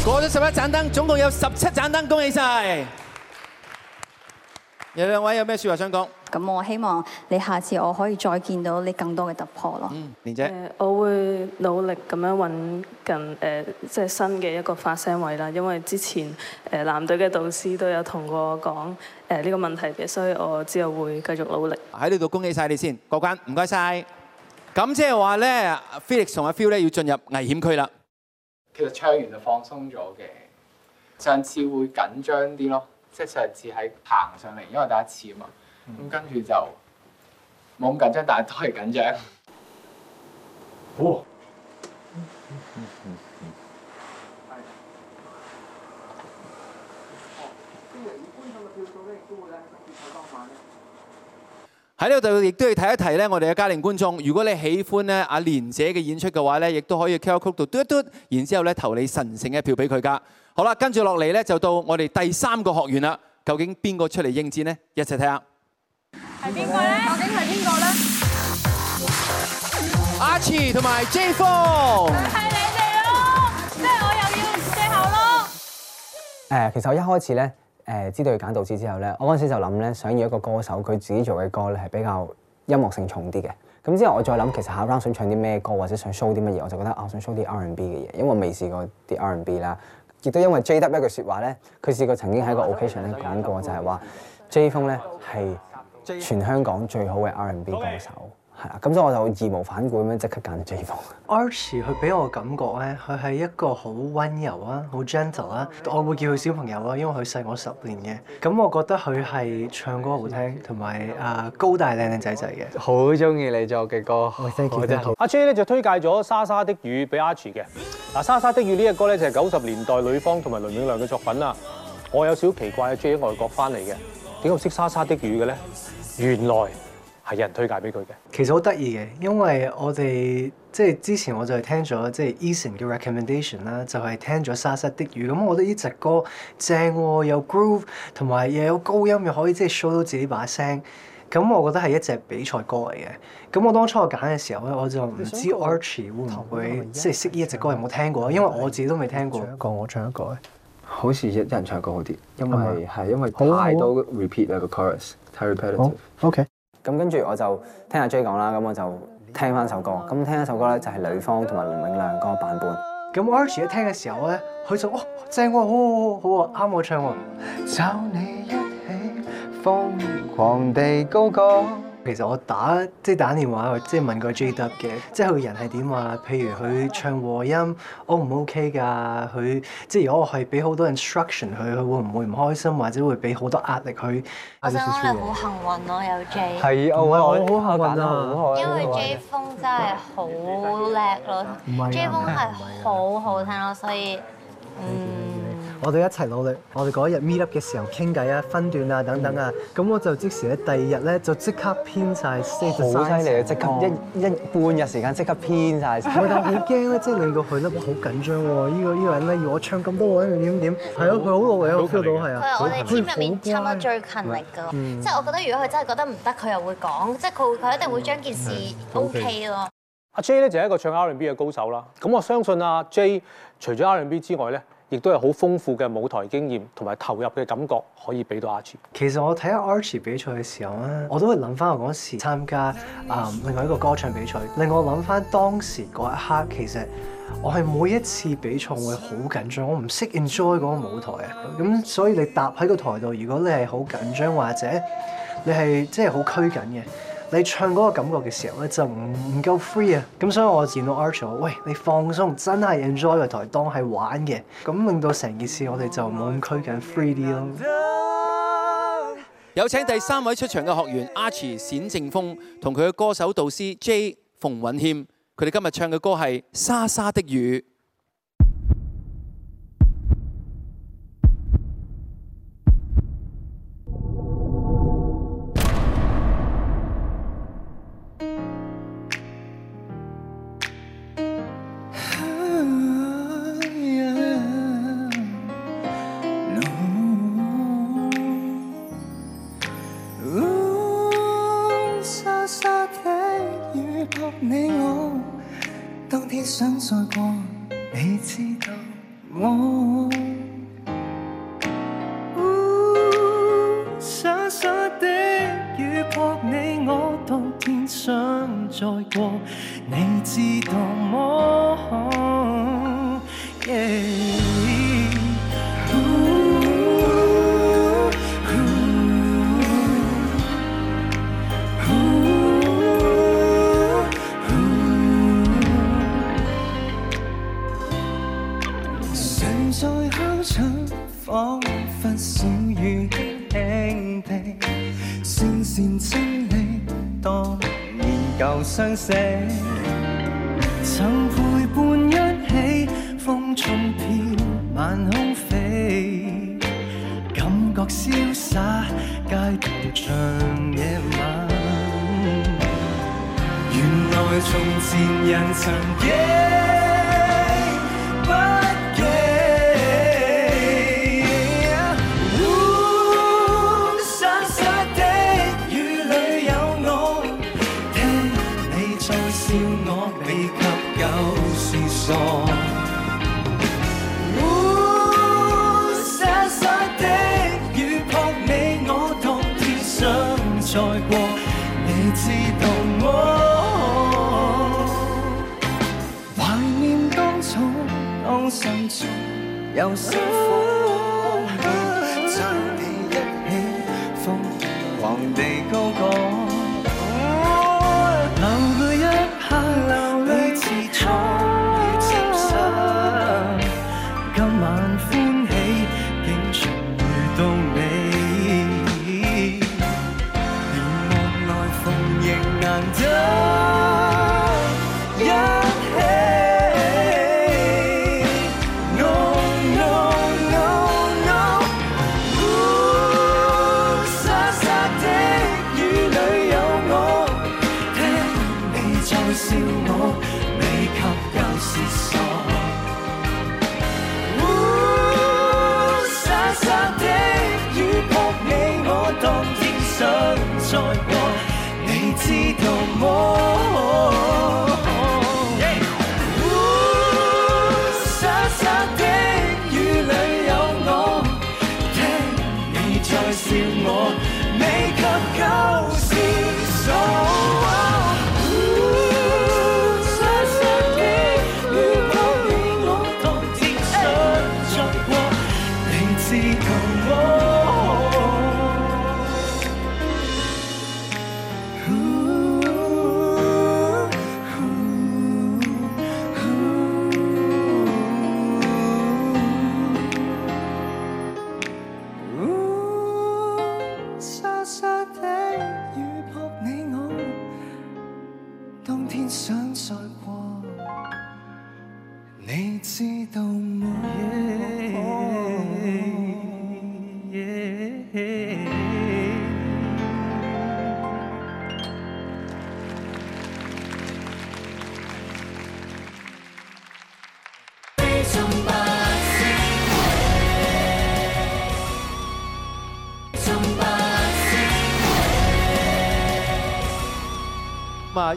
過咗十一盞燈，總共有十七盞燈，恭喜晒！有兩位有咩說話想講？咁我希望你下次我可以再見到你更多嘅突破咯。嗯，蓮姐，誒，我會努力咁樣搵近誒，即係新嘅一個發聲位啦。因為之前誒男隊嘅導師都有同我講誒呢個問題嘅，所以我之後會繼續努力。喺呢度恭喜晒你先，過關唔該晒。咁即係話咧，Felix 同阿 Phil 咧要進入危險區啦。其實唱完就放鬆咗嘅，上次會緊張啲咯，即上次喺行上嚟，因為第一次啊嘛，咁跟住就冇咁緊張，但係都係緊張好、啊。 *noise* 喺呢度就亦都要提一提咧，我哋嘅家庭觀眾，如果你喜歡咧阿蓮姐嘅演出嘅話咧，亦都可以喺曲度嘟一嘟，然之後咧投你神聖嘅票俾佢噶。好啦，跟住落嚟咧就到我哋第三個學員啦，究竟邊個出嚟應戰呢？一齊睇下，係邊個咧？究竟係邊個咧？阿馳同埋 J Four 係你哋咯，即係我又要最後咯。誒，其實我一開始咧。誒，知道佢揀導師之後咧，我嗰陣時就諗咧，想要一個歌手佢自己做嘅歌咧係比較音樂性重啲嘅。咁之後我再諗，其實下 Ram 想唱啲咩歌或者想 show 啲乜嘢，我就覺得啊，想 show 啲 R&B 嘅嘢，因為未試過啲 R&B 啦。亦都因為 J W 一句説話咧，佢試過曾經喺一個 occasion 咧講過就係話，J 風咧係全香港最好嘅 R&B 歌手。係啊，咁所以我就義無反顧咁樣即刻揀 Jay Fung Archie，佢俾我感覺咧，佢係一個好温柔啊，好 gentle 啊。我會叫佢小朋友啦，因為佢細我十年嘅。咁我覺得佢係唱歌好聽，同埋啊高大靚靚仔仔嘅。好中意你作嘅歌，oh, thank you, thank you. 我真係幾中意。阿 J 咧就推介咗《沙沙的雨》俾 Archie 嘅。嗱，《沙沙的雨》給的沙沙的雨這呢一歌咧就係九十年代女方同埋倫永亮嘅作品啦。我有少奇怪啊，J 喺外國翻嚟嘅，點解會識《沙沙的雨》嘅咧？原來。係有人推介俾佢嘅，其實好得意嘅，因為我哋即係之前我就係聽咗即係 Eason 嘅 recommendation 啦，就係聽咗沙沙的雨咁，我覺得呢隻歌正喎、有、groove，同埋又有高音又可以即係 show 到自己把聲咁，我覺得係一隻比賽歌嚟嘅。咁我當初我揀嘅時候咧，我就唔知 Archie 會唔會即係識呢一隻歌，有冇聽過，因為我自己都未聽過。唱一個，我唱一個。好似一人唱個好啲，因為係因為太多 repeat 啦、啊 like、chorus，太 repetitive。OK。咁跟住我就聽阿 J 講啦，咁我就聽翻首歌，咁聽一首歌咧就係、是、呂方同埋林永亮個版本。咁 Archie 一聽嘅時候咧，佢就哦正喎、哦，好啊，啱、哦、我唱喎、哦，找你一起瘋狂地高歌。其實我打即係打電話，即係問過 JW 嘅，即係佢人係點啊？譬如佢唱和音 O 唔 OK 㗎？佢即係如果我係俾好多 instruction，佢佢會唔會唔開心，或者會俾好多壓力佢？我想你好幸運咯，有 J 係我好幸運啊，因為 J 峰真係好叻咯，J 峰係好好聽咯，所以、啊、嗯。我哋一齊努力。我哋嗰日 meet up 嘅時候傾偈啊、分段啊等等啊，咁、嗯、我就即時咧第二日咧就即刻編晒，set 好犀利即刻一、嗯、一,一半日時間即刻編晒。 *laughs* 我就好驚咧，即係令到佢粒好緊張喎。依、這個依、這個人咧要我唱咁多嘢點點點。係啊，佢好努力好跳到係啊。佢話：我哋 team 入面抄得最勤力噶，即係、嗯、我覺得如果佢真係覺得唔得，佢又會講，即係佢會佢一定會將件事 OK 咯。阿 J 咧就係一個唱 R&B 嘅高手啦。咁我相信阿 J 除咗 R&B 之外咧。亦都係好豐富嘅舞台經驗同埋投入嘅感覺，可以俾到 Archie。其實我睇下 Archie 比賽嘅時候咧，我都會諗翻我嗰時參加啊另外一個歌唱比賽，令我諗翻當時嗰一刻，其實我係每一次比賽會好緊張，我唔識 enjoy 嗰個舞台啊。咁所以你搭喺個台度，如果你係好緊張或者你係即係好拘謹嘅。你唱嗰個感覺嘅時候咧，就唔唔夠 free 啊！咁所以我見到 Arch 話：喂，你放鬆，真係 enjoy 台當係玩嘅，咁令到成件事我哋就冇咁拘謹 free 啲咯。有請第三位出場嘅學員 Archie 冼靖峰同佢嘅歌手導師 J. 馮允謙，佢哋今日唱嘅歌係《沙沙的雨》。你我當天想再過，你知道我。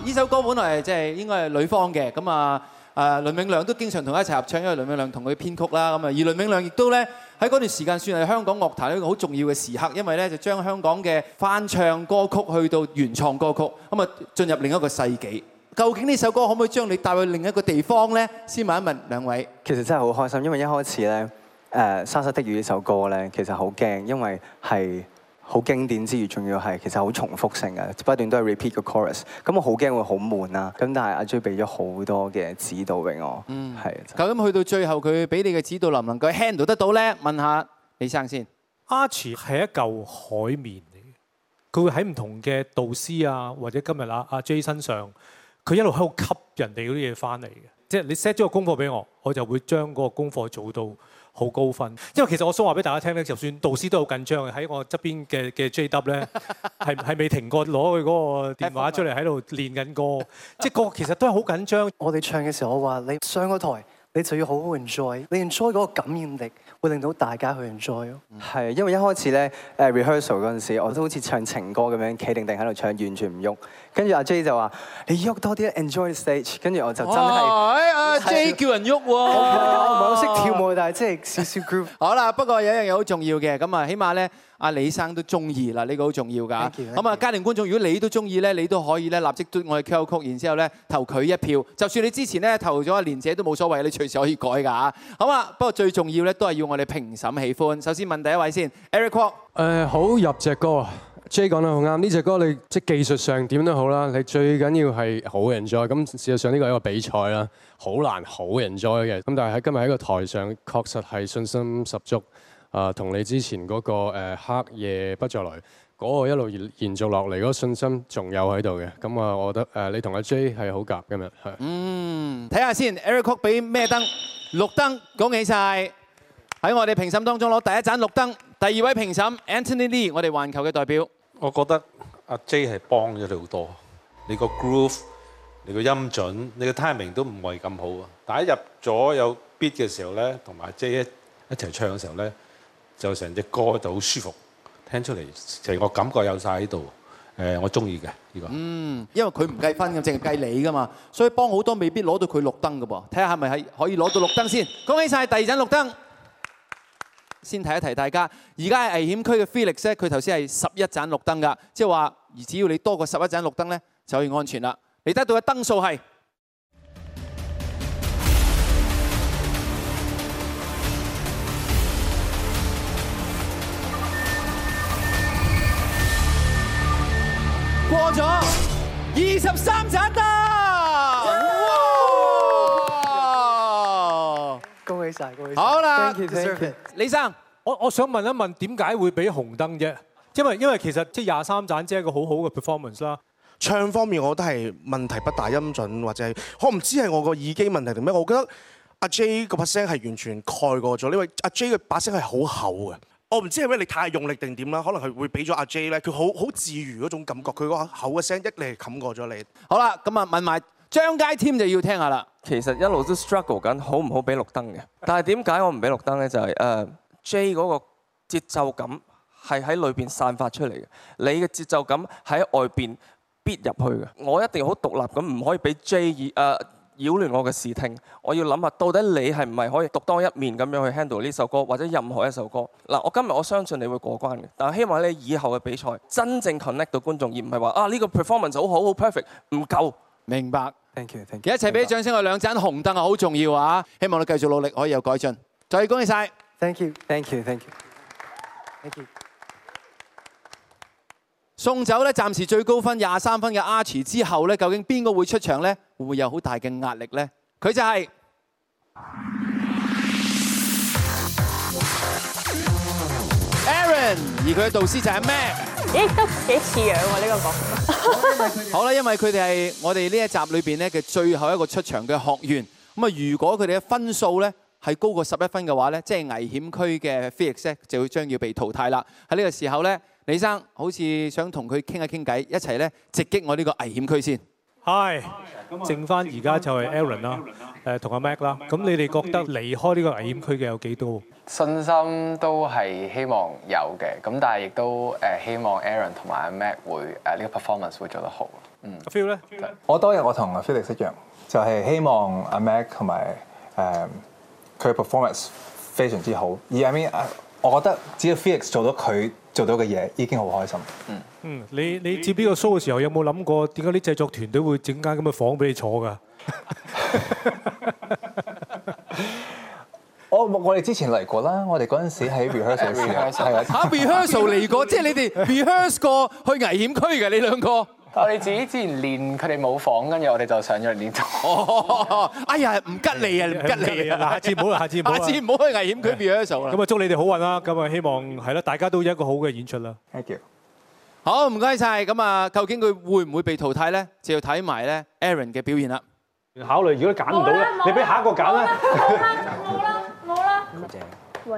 呢首歌本來即係應該係女方嘅，咁啊，誒，倫永亮都經常同佢一齊合唱，因為倫永亮同佢編曲啦，咁啊，而倫永亮亦都咧喺嗰段時間算係香港樂壇一個好重要嘅時刻，因為咧就將香港嘅翻唱歌曲去到原創歌曲，咁啊進入另一個世紀。究竟呢首歌可唔可以將你帶去另一個地方咧？先問一問兩位。其實真係好開心，因為一開始咧，誒《沙沙的雨》呢首歌咧，其實好驚，因為係。好經典之餘，仲要係其實好重複性嘅，不斷都係 repeat 個 chorus。咁我好驚會好悶啦。咁但係阿 J 俾咗好多嘅指導俾我。嗯，係。究竟去到最後，佢俾你嘅指導能唔能夠 handle 得到咧？問下李生先。Archie 係一嚿海綿嚟嘅，佢會喺唔同嘅導師啊，或者今日啦阿 J 身上，佢一路喺度吸人哋嗰啲嘢翻嚟嘅。即係你 set 咗個功課俾我，我就會將嗰個功課做到。好高分，因為其實我想話俾大家聽咧，就算導師都好緊張喺我側邊嘅嘅 JW 咧，係係未停過攞佢嗰個電話出嚟喺度練緊歌，即係個其實都係好緊張。我哋唱嘅時候，我話你上個台，你就要好好 enjoy，你 enjoy 嗰個感染力會令到大家去 enjoy 咯。係，因為一開始咧誒 rehearsal 嗰陣時，我都好似唱情歌咁樣，企定定喺度唱，完全唔喐。跟住阿 J 就話：你喐多啲，enjoy the stage。跟住我就真係、啊、，J 叫人喐喎。我唔係好識跳舞，但係即係少少 group。好啦， *laughs* 不過有一樣嘢好重要嘅，咁啊，起碼咧，阿李生都中意啦，呢個好重要噶。咁啊，家庭觀眾，如果你都中意咧，你都可以咧，立即我哋 QR Code，然之後咧投佢一票。就算你之前咧投咗阿連姐都冇所謂，你隨時可以改噶。好啊，不過最重要咧都係要我哋評審喜歡。首先問第一位先，Eric Kwok、呃。誒，好入隻歌啊！J 講得好啱，呢隻歌你即係技術上點都好啦，你最緊要係好 enjoy。咁事實上呢個係一個比賽啦，好難好 enjoy 嘅。咁但係喺今日喺個台上確實係信心十足。啊、呃，同你之前嗰、那個、呃、黑夜不再來嗰、那個一路延延續落嚟嗰個信心仲有喺度嘅。咁啊，我覺得誒、呃、你同阿 J 係好夾今日係。嗯，睇下先，Eric Cook 俾咩燈？綠燈，恭喜晒！喺我哋評審當中攞第一盞綠燈，第二位評審 Anthony Lee，我哋環球嘅代表。我覺得阿 J 係幫咗你好多你，你個 groove、你個音準、你個 timing 都唔係咁好啊。但一入咗有 beat 嘅時候咧，同埋 J 一一齊唱嘅時候咧，就成隻歌就好舒服，聽出嚟成個感覺有晒喺度。誒，我中意嘅呢個。嗯，因為佢唔計分嘅，淨係計你㗎嘛，所以幫好多未必攞到佢綠燈㗎噃。睇下係咪係可以攞到綠燈先。恭喜晒第二盞綠燈。先提一提大家，而家係危險區嘅 Felix 咧，佢頭先係十一盞綠燈㗎，即係話而只要你多過十一盞綠燈咧，就可以安全啦。你得到嘅燈數係過咗二十三盞燈。好啦，李生，我我想問一問點解會俾紅燈啫？因為因為其實即係廿三盞，即係一個好好嘅 performance 啦。唱方面我是是我是我是，我覺得係問題不大，音準或者係我唔知係我個耳機問題定咩？我覺得阿 J 個把聲係完全蓋過咗呢位阿 J 嘅把聲係好厚嘅。我唔知係咩，你太用力定點啦？可能佢會俾咗阿 J 咧，佢好好自如嗰種感覺，佢個口嘅聲音一嚟冚過咗你。好啦，咁啊問埋。張佳添就要聽下啦。其實一路都 struggle 緊，好唔好俾綠燈嘅？但係點解我唔俾綠燈呢？就係 J 嗰個節奏感係喺裏面散發出嚟嘅。你嘅節奏感喺外邊必入去嘅。我一定好獨立咁，唔可以俾 J 而誒擾亂我嘅視聽。我要諗下，到底你係唔係可以獨當一面咁樣去 handle 呢首歌，或者任何一首歌？嗱，我今日我相信你會過關嘅。但係希望你以後嘅比賽真正 connect 到觀眾而，而唔係話啊呢個 performance 好好好 perfect 唔夠。明白，謝謝謝謝，其實一齊俾掌聲。我兩盞紅燈啊，好重要啊！希望你繼續努力，可以有改進。再恭喜晒，Thank you，Thank you，Thank you，Thank you。送走咧，暫時最高分廿三分嘅 Archie 之後咧，究竟邊個會出場咧？會唔會有好大嘅壓力咧？佢就係 Aaron，而佢嘅導師就係 Mac。咦，都幾似樣喎呢個講法。好啦，因為佢哋係我哋呢一集裏邊咧嘅最後一個出場嘅學員。咁啊，如果佢哋嘅分數咧係高過十一分嘅話咧，即係危險區嘅 Phoenix 就會將要被淘汰啦。喺呢個時候咧，李生好似想同佢傾下傾偈，一齊咧直擊我呢個危險區先。係，剩翻而家就係 Aaron 啦。誒同阿 Mac 啦，咁你哋覺得離開呢個危險區嘅有幾多？信心都係希望有嘅，咁但係亦都誒希望 Aaron 同埋阿 Mac 會誒呢個 performance 會做得好。嗯，feel 咧？我當日我同阿 Felix 一樣，就係希望阿 Mac 同埋誒佢 performance 非常之好。而 I mean，我覺得只要 Felix 做到佢做到嘅嘢，已經好開心。嗯嗯，你你接呢個 show 嘅時候有冇諗過點解啲製作團隊會整間咁嘅房俾你坐㗎？我我哋之前嚟過啦，我哋嗰陣時喺 rehearsal，係啊，喺 rehearsal 嚟過，即係你哋 rehearsal 過去危險區嘅，你兩個，我哋自己之前練，佢哋冇房，跟住我哋就上咗嚟練台。哎呀，唔吉利啊，唔吉利啊！嗱，下次唔好啦，下次唔好去危險區 rehearsal 啦。咁啊，祝你哋好運啦！咁啊，希望係啦，大家都有一個好嘅演出啦。Thank you。好，唔該晒。咁啊，究竟佢會唔會被淘汰咧？就要睇埋咧 Aaron 嘅表現啦。考慮，如果揀唔到咧，你俾下一個揀啦。冇啦，冇啦，冇啦。咁正。 *laughs*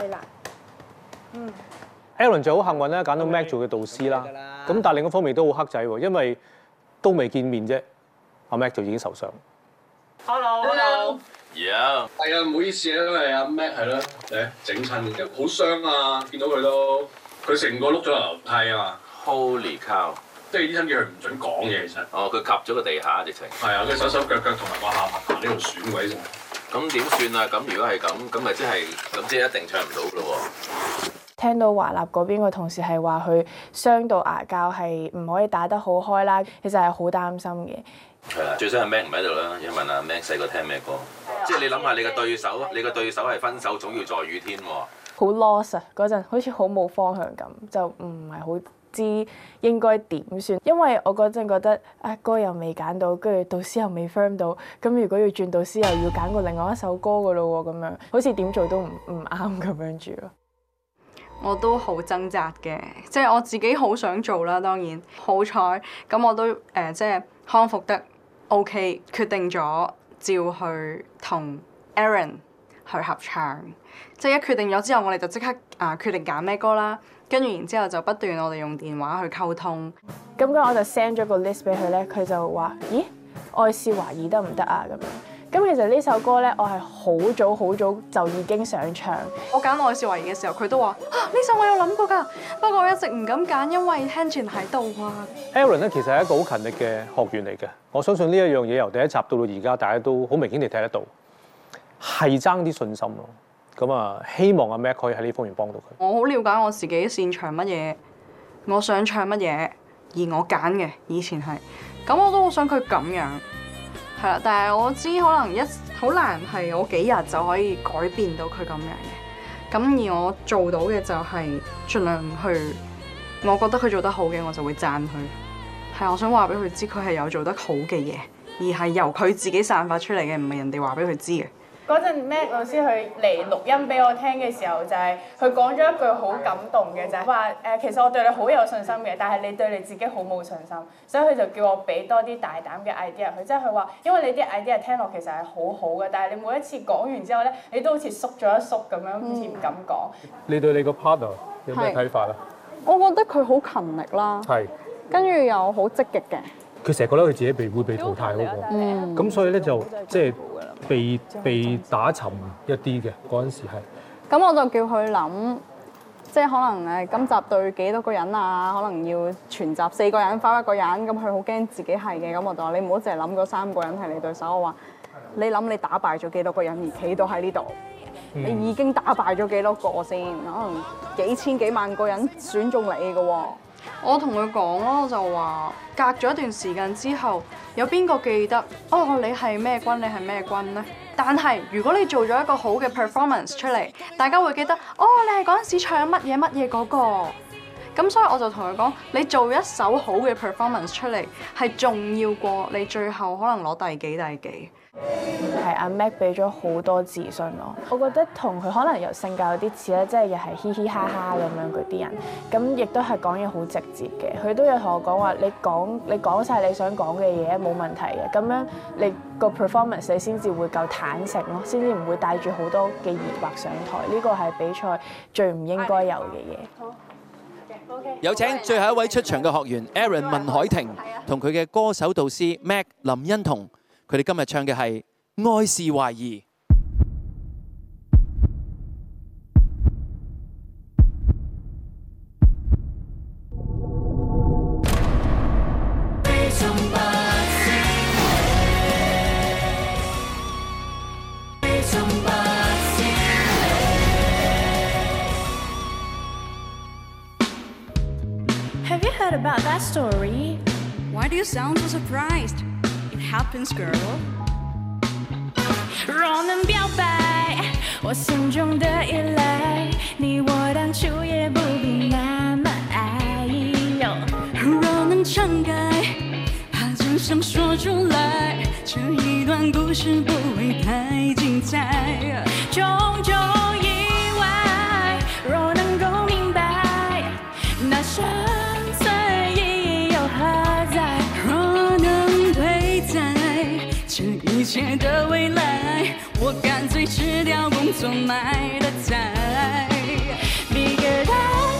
嗯。 *laughs* Allen 就好幸運啦，揀到 Mac 做佢導師啦。咁但係另一方面都好黑仔喎，因為都未見面啫。阿 Mac 就已經受傷。Hello, hello. hello.、Yeah. 哎。Hello. Yo。係啊，唔好意思啊，因為阿 Mac 係咯，誒整親好傷啊！見到佢都，佢成個碌咗樓梯啊嘛。Holy cow！即係醫生叫佢唔准講嘢、哦，其實。哦，佢及咗個地下直情。係啊，佢手手腳腳同埋個下巴呢度損鬼曬。咁點算啊？咁如果係咁，咁咪即係咁即係一定唱唔到咯喎。聽到華立嗰邊個同事係話佢傷到牙膠係唔可以打得好開啦，其實係好擔心嘅。係啊，最新係 Mac 唔喺度啦。要問下 Mac 細個聽咩歌？哎、即係你諗下你嘅對手，哎、你嘅對手係分手總要在雨天喎。Loss，好 lost 啊！嗰陣好似好冇方向咁，就唔係好。知應該點算？因為我嗰陣覺得啊歌又未揀到，跟住導師又未 firm 到，咁如果要轉導師又要揀過另外一首歌嘅咯喎，咁樣好似點做都唔唔啱咁樣住咯。我都好掙扎嘅，即係我自己好想做啦，當然好彩咁我都誒即係康復得 OK，決定咗照去同 Aaron 去合唱。即係一決定咗之後，我哋就即刻啊決定揀咩歌啦。跟住然之後就不斷我哋用電話去溝通，咁我就 send 咗個 list 俾佢咧，佢就話：咦，愛是懷疑得唔得啊？咁樣。咁其實呢首歌咧，我係好早好早就已經想唱。我揀愛是懷疑嘅時候，佢都話：啊，呢首我有諗過㗎，不過我一直唔敢揀，因為聽傳喺度啊。Aaron 咧，其實係一個好勤力嘅學員嚟嘅，我相信呢一樣嘢由第一集到到而家，大家都好明顯地睇得到，係爭啲信心咯。咁啊，希望阿 Mac 可以喺呢方面幫到佢。我好了解我自己擅長乜嘢，我想唱乜嘢，而我揀嘅，以前係。咁我都好想佢咁樣，係啦。但係我知可能一好難係我幾日就可以改變到佢咁樣嘅。咁而我做到嘅就係盡量去，我覺得佢做得好嘅我就會讚佢。係我想話俾佢知佢係有做得好嘅嘢，而係由佢自己散發出嚟嘅，唔係人哋話俾佢知嘅。嗰陣 Mac 老師佢嚟錄音俾我聽嘅時候，就係佢講咗一句好感動嘅，就係話：誒，其實我對你好有信心嘅，但係你對你自己好冇信心，所以佢就叫我俾多啲大膽嘅 idea 佢。即係佢話，因為你啲 idea 聽落其實係好好嘅，但係你每一次講完之後咧，你都好似縮咗一縮咁樣，好似唔敢講、嗯。你對你個 partner 有咩睇法啊？我覺得佢好勤力啦，跟住又好積極嘅。佢成日覺得佢自己被會被淘汰嗰、那個，咁、嗯、所以咧就即係。就是被被打沉一啲嘅嗰陣時係，咁我就叫佢諗，即係可能誒今集對幾多個人啊？可能要全集四個人翻一個人，咁佢好驚自己係嘅，咁我就話你唔好淨係諗嗰三個人係你對手，我話你諗你打敗咗幾多個人而企到喺呢度，你已經打敗咗幾多個先？可能幾千幾萬個人選中你嘅喎。我同佢講咯，就話隔咗一段時間之後，有邊個記得？哦，你係咩軍？你係咩軍呢？但係如果你做咗一個好嘅 performance 出嚟，大家會記得。哦，你係嗰陣時唱乜嘢乜嘢嗰個。咁所以我就同佢講，你做一首好嘅 performance 出嚟，係重要過你最後可能攞第幾第幾。係阿 Mac 俾咗好多自信咯，我覺得同佢可能又性格有啲似咧，即係又係嘻嘻哈哈咁樣嗰啲人，咁亦都係講嘢好直接嘅。佢都有同我講話，你講你講晒你想講嘅嘢冇問題嘅，咁樣你個 performance 你先至會夠坦誠咯，先至唔會帶住好多嘅疑惑上台。呢個係比賽最唔應該有嘅嘢。好，有請最後一位出場嘅學員 Aaron 文凱婷，同佢嘅歌手導師 Mac 林欣彤。佢哋今日唱嘅係《愛是懷疑》。happens girl 若能表白，我心中的依賴，你我當初也不必那麼愛。 *noise* 若能敞開，把真相說出來，這一段故事不會太精彩。種種意外，若能夠明白，那些。這一切的未來，我乾脆辭掉工作買的菜。一個人。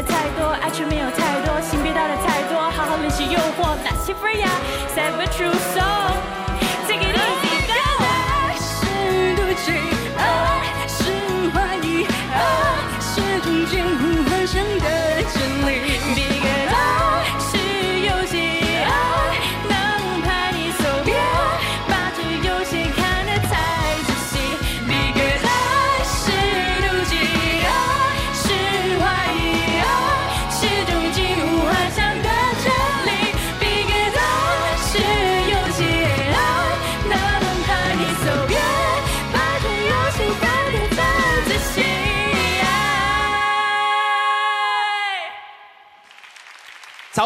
太多愛卻沒有太多心，別倒得太多，好好練習誘惑 my savage truth song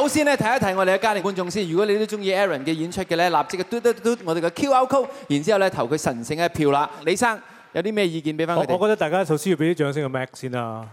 首先咧睇一睇我哋嘅家庭觀眾先，如果你都中意 Aaron 嘅演出嘅咧，立即嘅嘟嘟嘟我哋嘅 QR code，然之後咧投佢神聖嘅票啦。李生有啲咩意見俾翻我哋？我覺得大家首先要俾啲掌聲嘅 Max 先啦。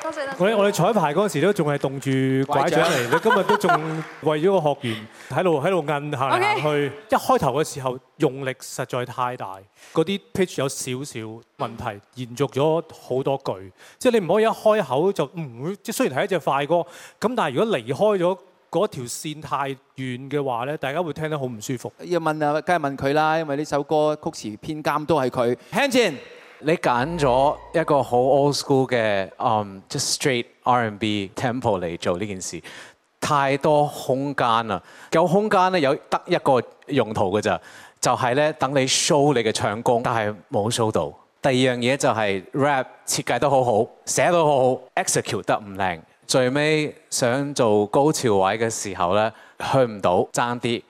謝謝，謝謝，我哋我哋彩排嗰陣時都仲係凍住枴杖嚟，今日都仲為咗個學員喺度喺度按下嚟下去。一開頭嘅時候用力實在太大，嗰啲 pitch 有少少問題，延續咗好多句，即係你唔可以一開口就唔會。即係雖然係一隻快歌，咁但係如果離開咗嗰條線太遠嘅話咧，大家會聽得好唔舒服。要問啊，梗係問佢啦，因為呢首歌曲詞編監都係佢。Hanson 你揀咗一個好 old school 嘅，嗯，即係 straight R&B tempo 嚟做呢件事，太多空間啦。有空間呢，有得一個用途㗎啫，就係呢，等你 show 你嘅唱功，但係冇 show 到。第二樣嘢就係 rap 設計得好好，寫得好好，execute 得唔靚。最尾想做高潮位嘅時候呢，去唔到，爭啲。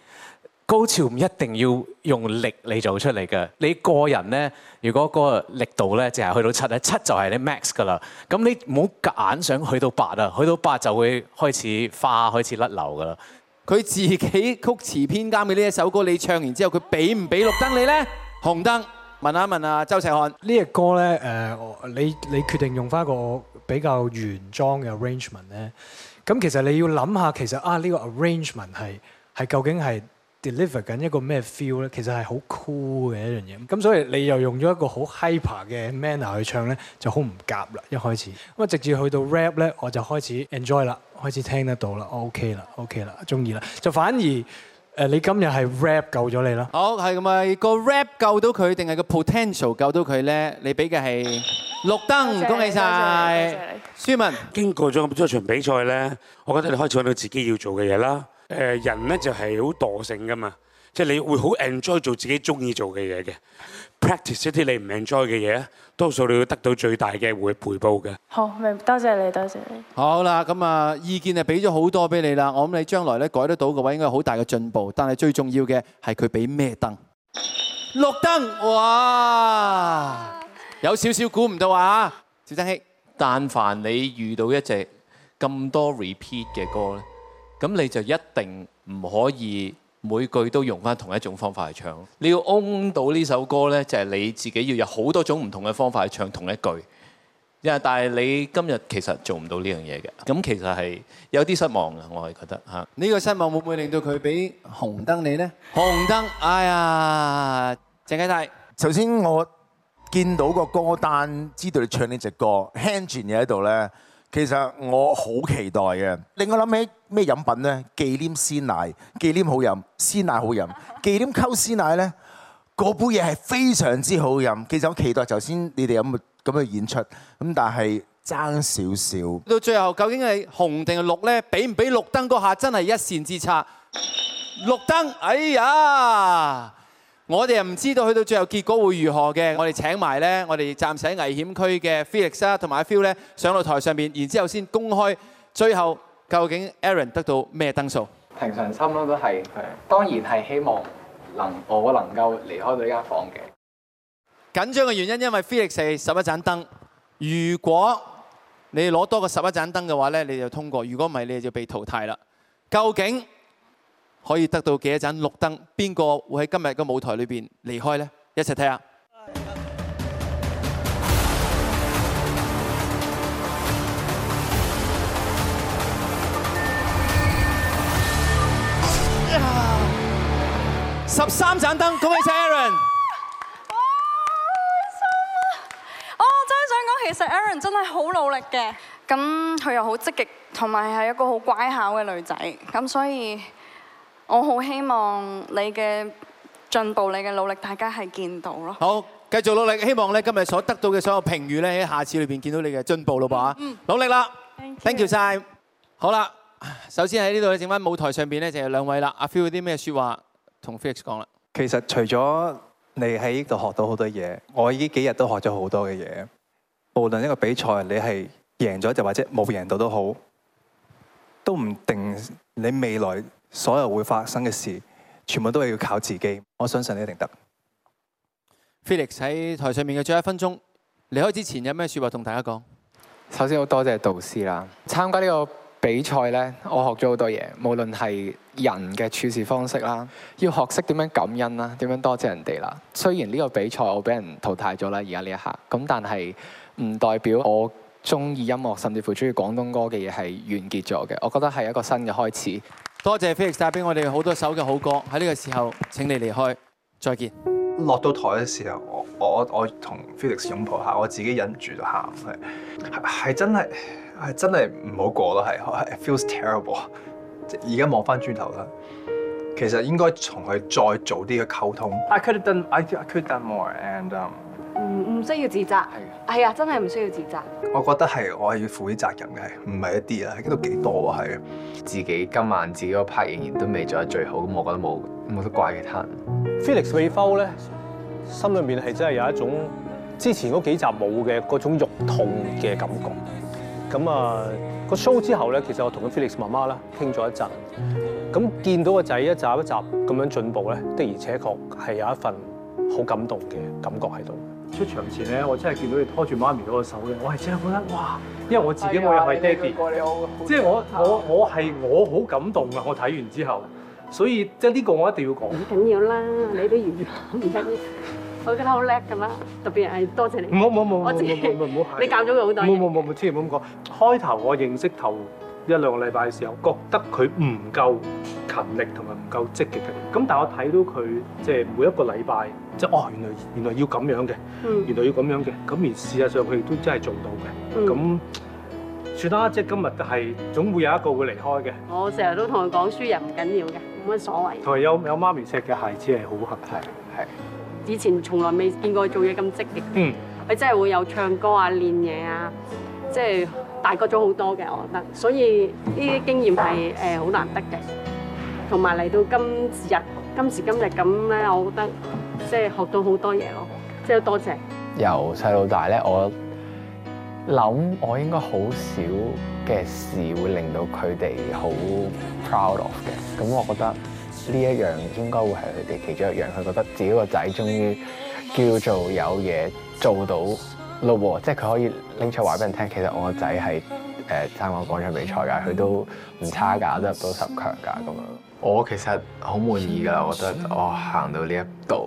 高潮唔一定要用力嚟做出嚟嘅，你個人咧，如果個力度咧，淨係去到七咧，七就係你 max 噶啦。咁你唔好硬想去到八啊，去到八就會開始化，開始甩流噶啦。佢自己曲詞編監嘅呢一首歌，你唱完之後，佢俾唔俾綠燈你咧？紅燈，問下問啊，周卓翰。呢隻歌咧，誒，你你決定用翻個比較原裝嘅 arrangement 咧，咁其實你要諗下，其實啊，呢個 arrangement 係係究竟係？deliver 緊一個咩 feel 咧？其實係好 cool 嘅一樣嘢。咁所以你又用咗一個好 hyper 嘅 manner 去唱咧，就好唔夾啦。一開始咁啊，直至去到 rap 咧，我就開始 enjoy 啦，開始聽得到啦，OK 啦，OK 啦，中意啦。就反而誒，你今日係 rap 救咗你啦。好，係咁咪個 rap 救到佢，定係個 potential 救到佢咧？你俾嘅係綠燈，恭喜晒舒文。經過咗咁多場比賽咧，我覺得你開始揾到自己要做嘅嘢啦。誒，人咧就係好惰性噶嘛，即係你會好 enjoy 做自己中意做嘅嘢嘅。Practice 一啲你唔 enjoy 嘅嘢，多數你會得到最大嘅回報嘅。好，明多謝你，多謝你。好啦，咁啊，意見係，俾咗好多俾你啦。我諗你將來咧改得到嘅話，應該有好大嘅進步。但係最重要嘅係佢俾咩燈？綠燈，哇！哇，有少少估唔到啊，小張希，但凡你遇到一隻咁多 repeat 嘅歌咧。咁你就一定唔可以每句都用翻同一種方法去唱。你要 own 到呢首歌呢，就係你自己要有好多種唔同嘅方法去唱同一句。因為，但係你今日其實做唔到呢樣嘢嘅，咁其實係有啲失望嘅，我係覺得嚇。呢個失望會唔會令到佢畀紅燈你呢？紅燈，哎呀，鄭佳大。首先我見到個歌單，但知道你唱呢隻歌，h n d 輕轉你喺度呢？其實我好期待嘅，令我諗起咩飲品呢？忌廉鮮奶，忌廉好飲，鮮奶好飲，忌廉溝鮮奶呢，嗰杯嘢係非常之好飲。其實我期待頭先你哋有冇咁嘅演出，咁但係爭少少。到最後究竟係紅定係綠呢？畀唔畀綠燈？嗰下真係一線之差。綠燈，哎呀！我哋又唔知道去到最後結果會如何嘅，我哋請埋咧，我哋暫時喺危險區嘅 Felix 啊，同埋阿 Phil 咧，上到台上面，然之後先公開最後究竟 Aaron 得到咩燈數？平常心啦，都係當然係希望能我能夠離開到呢間房嘅緊張嘅原因，因為 Felix 係十一盞燈，如果你攞多過十一盞燈嘅話咧，你就通過；如果唔係，你就被淘汰啦。究竟？可以得到幾多盞綠燈？邊個會喺今日嘅舞台裏邊離開呢？一齊睇下。十三盞燈，恭喜晒 Aaron！哇，好開心啊！我真係想講，其實 Aaron 真係好努力嘅。咁佢又好積極，同埋係一個好乖巧嘅女仔。咁所以。我好希望你嘅進步、你嘅努力，大家係見到咯。好，繼續努力，希望咧今日所得到嘅所有評語咧，喺下次裏邊見到你嘅進步咯，噃、嗯，啊、嗯嗯，努力啦，thank you 晒，好啦，首先喺呢度整翻舞台上邊咧，就係兩位啦。阿 Phil 有啲咩説話同 Fix 講啦？說其實除咗你喺呢度學到好多嘢，我呢幾日都學咗好多嘅嘢。無論呢個比賽你係贏咗，就或者冇贏到都好，都唔定你未來。所有會發生嘅事，全部都係要靠自己。我相信你一定得。Felix 喺台上面嘅最後一分鐘離開之前，有咩説話同大家講？首先好多謝導師啦。參加呢個比賽呢，我學咗好多嘢，無論係人嘅處事方式啦，要學識點樣感恩啦，點樣多謝人哋啦。雖然呢個比賽我俾人淘汰咗啦，而家呢一刻咁，但係唔代表我中意音樂，甚至乎中意廣東歌嘅嘢係完結咗嘅。我覺得係一個新嘅開始。多謝 Felix 帶俾我哋好多首嘅好歌，喺呢個時候請你離開，再見。落到台嘅時候，我我我同 Felix 擁抱下，我自己忍住就喊，係係真係係真係唔好過咯，係，It feels terrible。而家望翻轉頭啦，其實應該同佢再早啲嘅溝通。I could have done, I could done more, and, um 唔需要自責，係啊，真係唔需要自責。我覺得係，我係要負啲責任嘅，係唔係一啲啊？喺度幾多啊，係自己今晚自己個 part 仍然都未做得最好，咁我覺得冇冇得怪其他人。Felix 未收咧，心裏面係真係有一種之前嗰幾集冇嘅嗰種肉痛嘅感覺。咁啊，個 show 之後咧，其實我同咗 Felix 媽媽咧傾咗一陣，咁見到個仔一集一集咁樣進步咧，的而且確係有一份好感動嘅感覺喺度。出場前咧，我真係見到你拖住媽咪嗰個手咧，我係真係覺得哇！因為我自己、哎就是、我又係爹哋，即係我我我係我好感動啊！我睇完之後，所以即係呢個我一定要講。唔緊要啦，你都完啦，唔緊要。我覺得好叻㗎嘛，特別係多謝，謝你。唔好唔好唔好唔好唔好，你教咗佢好多。唔好唔好唔好千祈唔好咁講。開頭我認識頭一兩個禮拜嘅時候，覺得佢唔夠勤力同埋唔夠積極嘅。咁但係我睇到佢，即係每一個禮拜，即係哦，原來原來要咁樣嘅，原來要咁樣嘅。咁而事實上佢都真係做到嘅、嗯。咁算啦，即係今日係總會有一個會離開嘅。我成日都同佢講輸人唔緊要嘅，冇乜所謂。同埋有有媽咪錫嘅孩子係好幸福。係以前從來未見過佢做嘢咁積極。嗯。佢真係會有唱歌啊、練嘢啊，即係。大個咗好多嘅，我覺得，所以呢啲經驗係誒好難得嘅，同埋嚟到今日今時今日咁咧，我覺得即係學到好多嘢咯，即係多謝，謝。由細到大咧，我諗我應該好少嘅事會令到佢哋好 proud of 嘅，咁我覺得呢一樣應該會係佢哋其中一樣，佢覺得自己個仔終於叫做有嘢做到。老婆，即係佢可以拎出話俾人聽。其實我、呃、個仔係誒參加廣場比賽㗎，佢都唔差㗎，都入到十強㗎咁樣。我其實好滿意㗎，我覺得我行到呢一度。